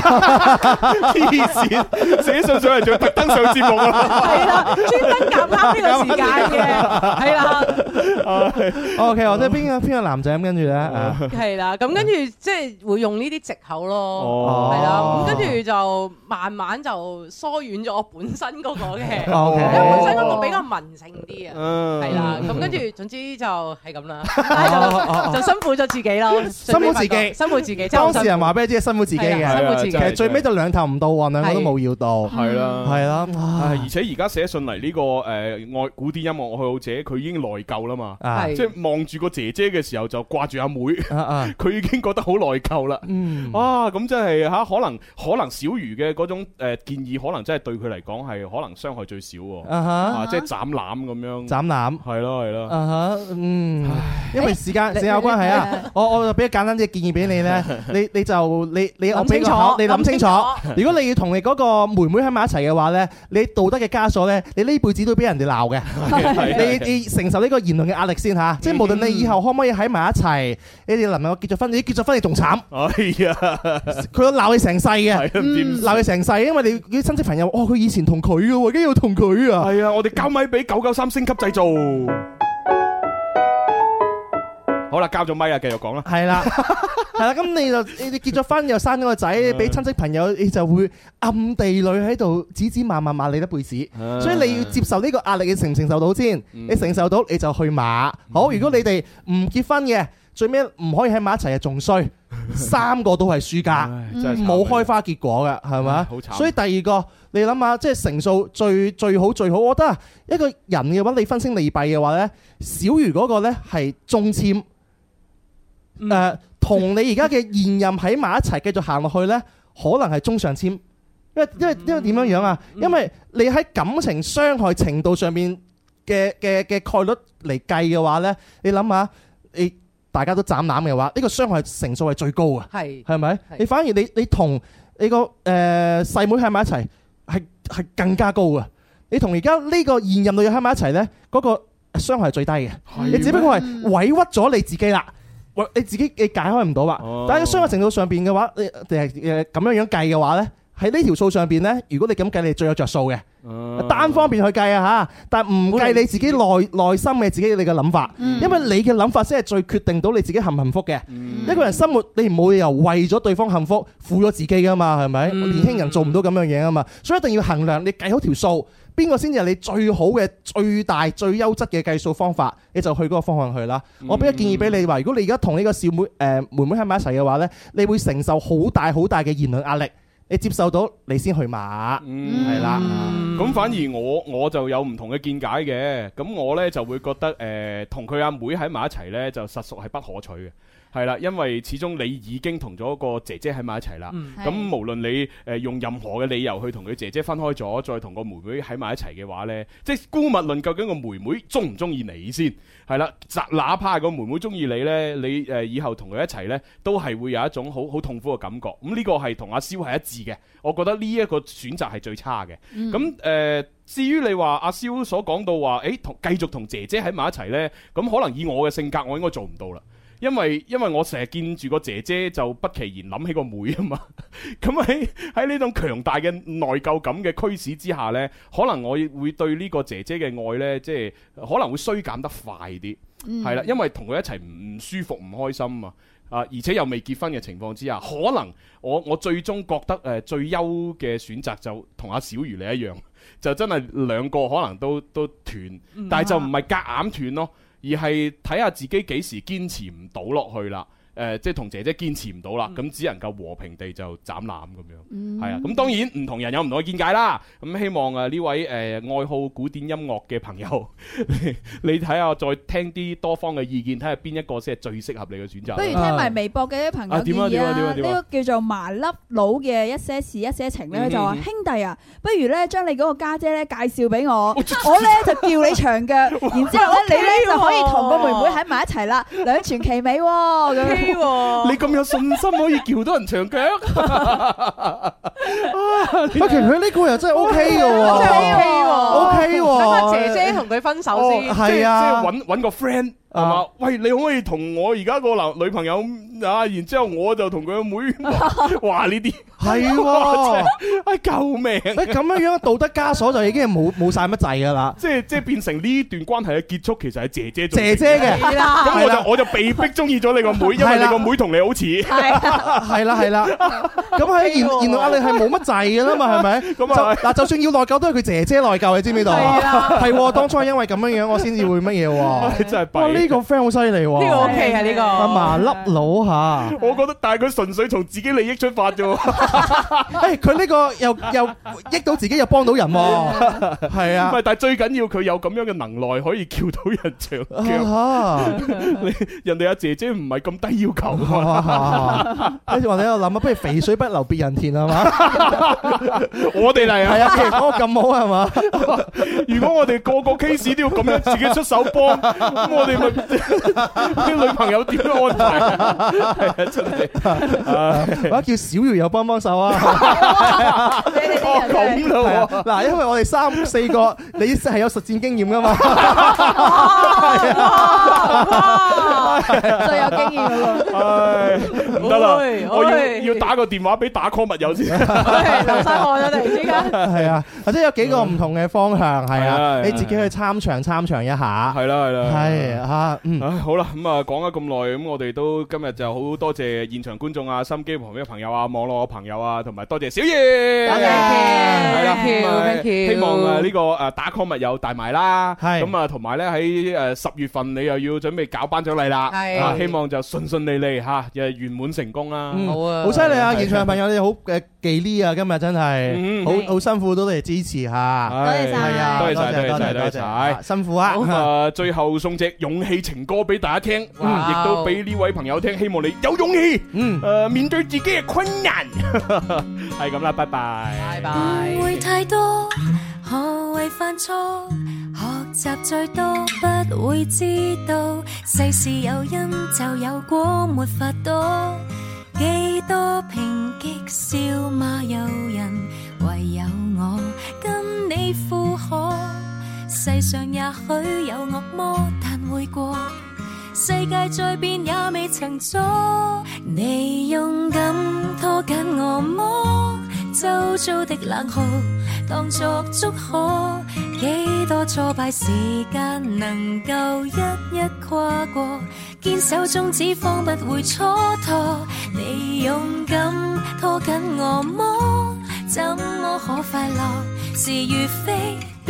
黐線，寫信上嚟仲特登上節目啦。係啦，專登夾啱呢個時間嘅。係啦。OK，或者邊個邊個男仔咁跟住咧？係啦，咁跟住即係會用。呢啲藉口咯，係啦，咁跟住就慢慢就疏遠咗我本身嗰個嘅，因為本身嗰個比較文靜啲啊，係啦，咁跟住總之就係咁啦，就辛苦咗自己咯，辛苦自己，辛苦自己。當事人話俾你知辛苦自己嘅，其實最尾就兩頭唔到岸啊，兩個都冇要到，係啦，係啦，而且而家寫信嚟呢個誒愛古典音樂愛好者，佢已經內疚啦嘛，即係望住個姐姐嘅時候就掛住阿妹，佢已經覺得好內疚啦。嗯，哇，咁即係嚇，可能可能小瑜嘅嗰種誒建議，可能真係對佢嚟講係可能傷害最少喎。啊即係斬纜咁樣。斬纜，係咯係咯。嗯，因為時間時間關係啊，我我俾個簡單啲嘅建議俾你咧，你你就你你我俾個你諗清楚，如果你要同你嗰個妹妹喺埋一齊嘅話咧，你道德嘅枷鎖咧，你呢輩子都俾人哋鬧嘅，你承受呢個言論嘅壓力先吓，即係無論你以後可唔可以喺埋一齊，你哋能唔能夠結咗婚，你結咗婚你仲慘。佢都佢鬧你成世嘅，鬧你成世，因為你啲親戚朋友，哦，佢以前同佢嘅，而家要同佢啊！係啊，我哋交咪俾九九三星級仔做。好啦，交咗咪啊，繼續講啦。係啦，係啦，咁你就你結咗婚又生咗個仔，俾親戚朋友，你就會暗地裏喺度指指罵罵罵你一輩子，所以你要接受呢個壓力，你承唔承受到先？你承受到，你就去馬。好，如果你哋唔結婚嘅。最尾唔可以喺埋一齊啊！仲衰，三個都係輸家，冇 開花結果嘅，係咪啊？ 所以第二個你諗下，即係成數最最好最好，我覺得一個人嘅話，你分清利弊嘅話呢，小瑜嗰個咧係中籤誒，同、 呃、你而家嘅現任喺埋一齊繼續行落去呢，可能係中上籤，因為因為因為點樣樣啊？因為你喺感情傷害程度上面嘅嘅嘅概率嚟計嘅話呢，你諗下你。大家都斬攬嘅話，呢、呢個傷害成數係最高嘅，係咪是？你反而你你同你個誒細妹喺埋一齊，係係更加高嘅。你同而家呢個現任女友喺埋一齊呢，嗰、嗰個傷害係最低嘅。嗎你只不過係委屈咗你自己啦，喂，你自己你解開唔到啦？但係傷害程度上邊嘅話，你係誒咁樣樣計嘅話、哦、呢。喺呢條數上邊呢，如果你咁計，你最有着數嘅單方面去計啊嚇，但唔計你自己內內心嘅自己你嘅諗法，因為你嘅諗法先係最決定到你自己幸唔幸福嘅。嗯、一個人生活你唔冇理由為咗對方幸福負咗自己噶嘛，係咪？嗯、年輕人做唔到咁樣嘢啊嘛，所以一定要衡量你計好條數，邊個先至係你最好嘅、最大、最優質嘅計數方法，你就去嗰個方向去啦。嗯、我俾一建議俾你話，如果你而家同呢個小妹誒、呃、妹妹喺埋一齊嘅話呢，你會承受好大好大嘅言論壓力。你接受到，你先去馬，嗯，係啦。咁、嗯、反而我我就有唔同嘅見解嘅。咁我呢就會覺得，誒、呃，同佢阿妹喺埋一齊呢，就實屬係不可取嘅。係啦，因為始終你已經同咗個姐姐喺埋一齊啦。咁、嗯、無論你誒、呃、用任何嘅理由去同佢姐姐分開咗，再同個妹妹喺埋一齊嘅話呢，即係姑勿論，究竟個妹妹鍾唔鍾意你先係啦？哪怕個妹妹鍾意你呢，你誒、呃、以後同佢一齊呢，都係會有一種好好痛苦嘅感覺。咁、嗯、呢、這個係同阿蕭係一致嘅。我覺得呢一個選擇係最差嘅。咁誒、嗯呃，至於你話阿蕭所講到話，誒、欸、同繼續同姐姐喺埋一齊呢，咁可能以我嘅性格，我應該做唔到啦。因為因為我成日見住個姐姐，就不其然諗起個妹啊嘛。咁喺喺呢種強大嘅內疚感嘅驅使之下呢，可能我會對呢個姐姐嘅愛呢，即係可能會衰減得快啲，係啦、嗯。因為同佢一齊唔舒服、唔開心嘛啊，而且又未結婚嘅情況之下，可能我我最終覺得誒、呃、最優嘅選擇就同阿小瑜你一樣，就真係兩個可能都都斷，嗯、但係就唔係夾硬斷咯。而係睇下自己幾時堅持唔到落去啦。誒即係同姐姐堅持唔到啦，咁只能夠和平地就斬攬斬纜咁樣，係啊！咁當然唔同人有唔同嘅見解啦。咁希望啊呢位誒愛好古典音樂嘅朋友，你睇下再聽啲多方嘅意見，睇下邊一個先係最適合你嘅選擇。不如聽埋微博嘅啲朋友建議啦。呢個叫做麻粒佬嘅一些事一些情咧，就話兄弟啊，不如咧將你嗰個家姐咧介紹俾我，我咧就叫你長腳，然之後咧你咧就可以同個妹妹喺埋一齊啦，兩全其美咁。你咁有信心 可以撬到人長腳 啊？其實佢呢個又真係 OK 嘅，真係，OK，OK，OK。等啊，姐姐同佢分手先，係、哦、啊，即係搵搵個 friend。係嘛？喂，你可唔可以同我而家個男女朋友啊？然之後我就同佢個妹話呢啲，係，啊！救命！咁樣樣道德枷鎖就已經係冇冇晒乜滯噶啦。即係即係變成呢段關係嘅結束，其實係姐姐姐姐嘅。咁我就我就被逼中意咗你個妹，因為你個妹同你好似。係啦，係啦。咁喺原原來壓力係冇乜滯噶啦嘛？係咪？咁啊，嗱，就算要內疚，都係佢姐姐內疚，你知唔知道？係啊，係。當初係因為咁樣樣，我先至會乜嘢？你真係呢個 friend 好犀利喎！呢個 OK 啊，呢個嘛笠佬吓，我覺得，但係佢純粹從自己利益出發啫喎。誒，佢呢個又又益到自己又幫到人喎，係啊。唔係，但係最緊要佢有咁樣嘅能耐，可以撬到人牆。哦，人哋阿姐姐唔係咁低要求啊嘛。跟住你喺度諗啊，不如肥水不流別人田啊嘛。我哋嚟係啊，如咁好係嘛？如果我哋個個 case 都要咁樣自己出手幫，咁我哋啲 女朋友點安排？真係、 哎，或者叫小瑜又幫幫手啊？你哋咁咯，嗱，啊、因為我哋三四個， 你係有實戰經驗噶嘛？係 啊，最有經驗咯。唉、哎，唔得啦，哎、我要、哎、要打個電話俾打 call 密友先、哎。係流晒汗啊！突然之間，係啊、哎、或、哎、者有幾個唔同嘅方向，係啊、嗯，你自己去參詳參詳一下。係啦，係啦，係啊對。嗯啊，唉，好啦，咁啊，講咗咁耐，咁我哋都今日就好多謝現場觀眾啊、心機旁邊嘅朋友啊、網絡嘅朋友啊，同埋多謝小瑜，thank you，係啦，咁啊，希望啊呢個誒打 call 密友大埋啦，係，咁啊同埋咧喺誒十月份你又要準備搞頒獎禮啦，係，啊希望就順順利利吓，又係圓滿成功啦，好啊，好犀利啊！現場嘅朋友你好誒記呢啊，今日真係，嗯，好好辛苦都嚟支持下，多謝晒，多謝晒，多謝晒，多謝，辛苦啊，誒，最後送只勇氣。唱情歌俾大家聽，哇！亦都俾呢位朋友聽，希望你有勇氣，誒，面對自己嘅困難，係咁啦，拜拜，拜拜。世上也許有惡魔，但會過。世界再變也未曾阻。你勇敢拖緊我麼？周遭的冷酷當作祝賀。幾多挫敗時間能夠一一跨過？堅守宗旨，方不會蹉跎。你勇敢拖緊我麼？怎麼可快樂是與非？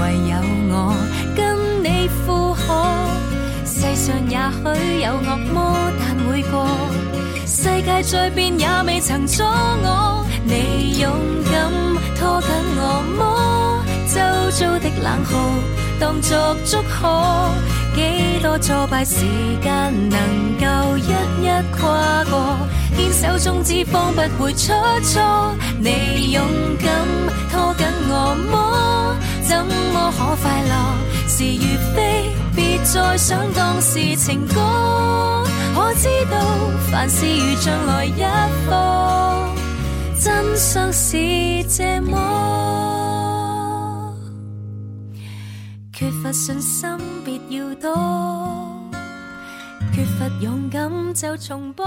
唯有我跟你負荷，世上也許有惡魔，但每個。世界再變也未曾阻我，你勇敢拖緊我麼？周遭的冷酷當作祝賀，幾多挫敗時間能夠一一跨過，牽手終止方不會出錯。你勇敢拖緊我麼？怎麼可快樂？是與非，別再想當時情歌。可知道凡事如將來一步，真相是這麼。缺乏信心別要多，缺乏勇敢就重播。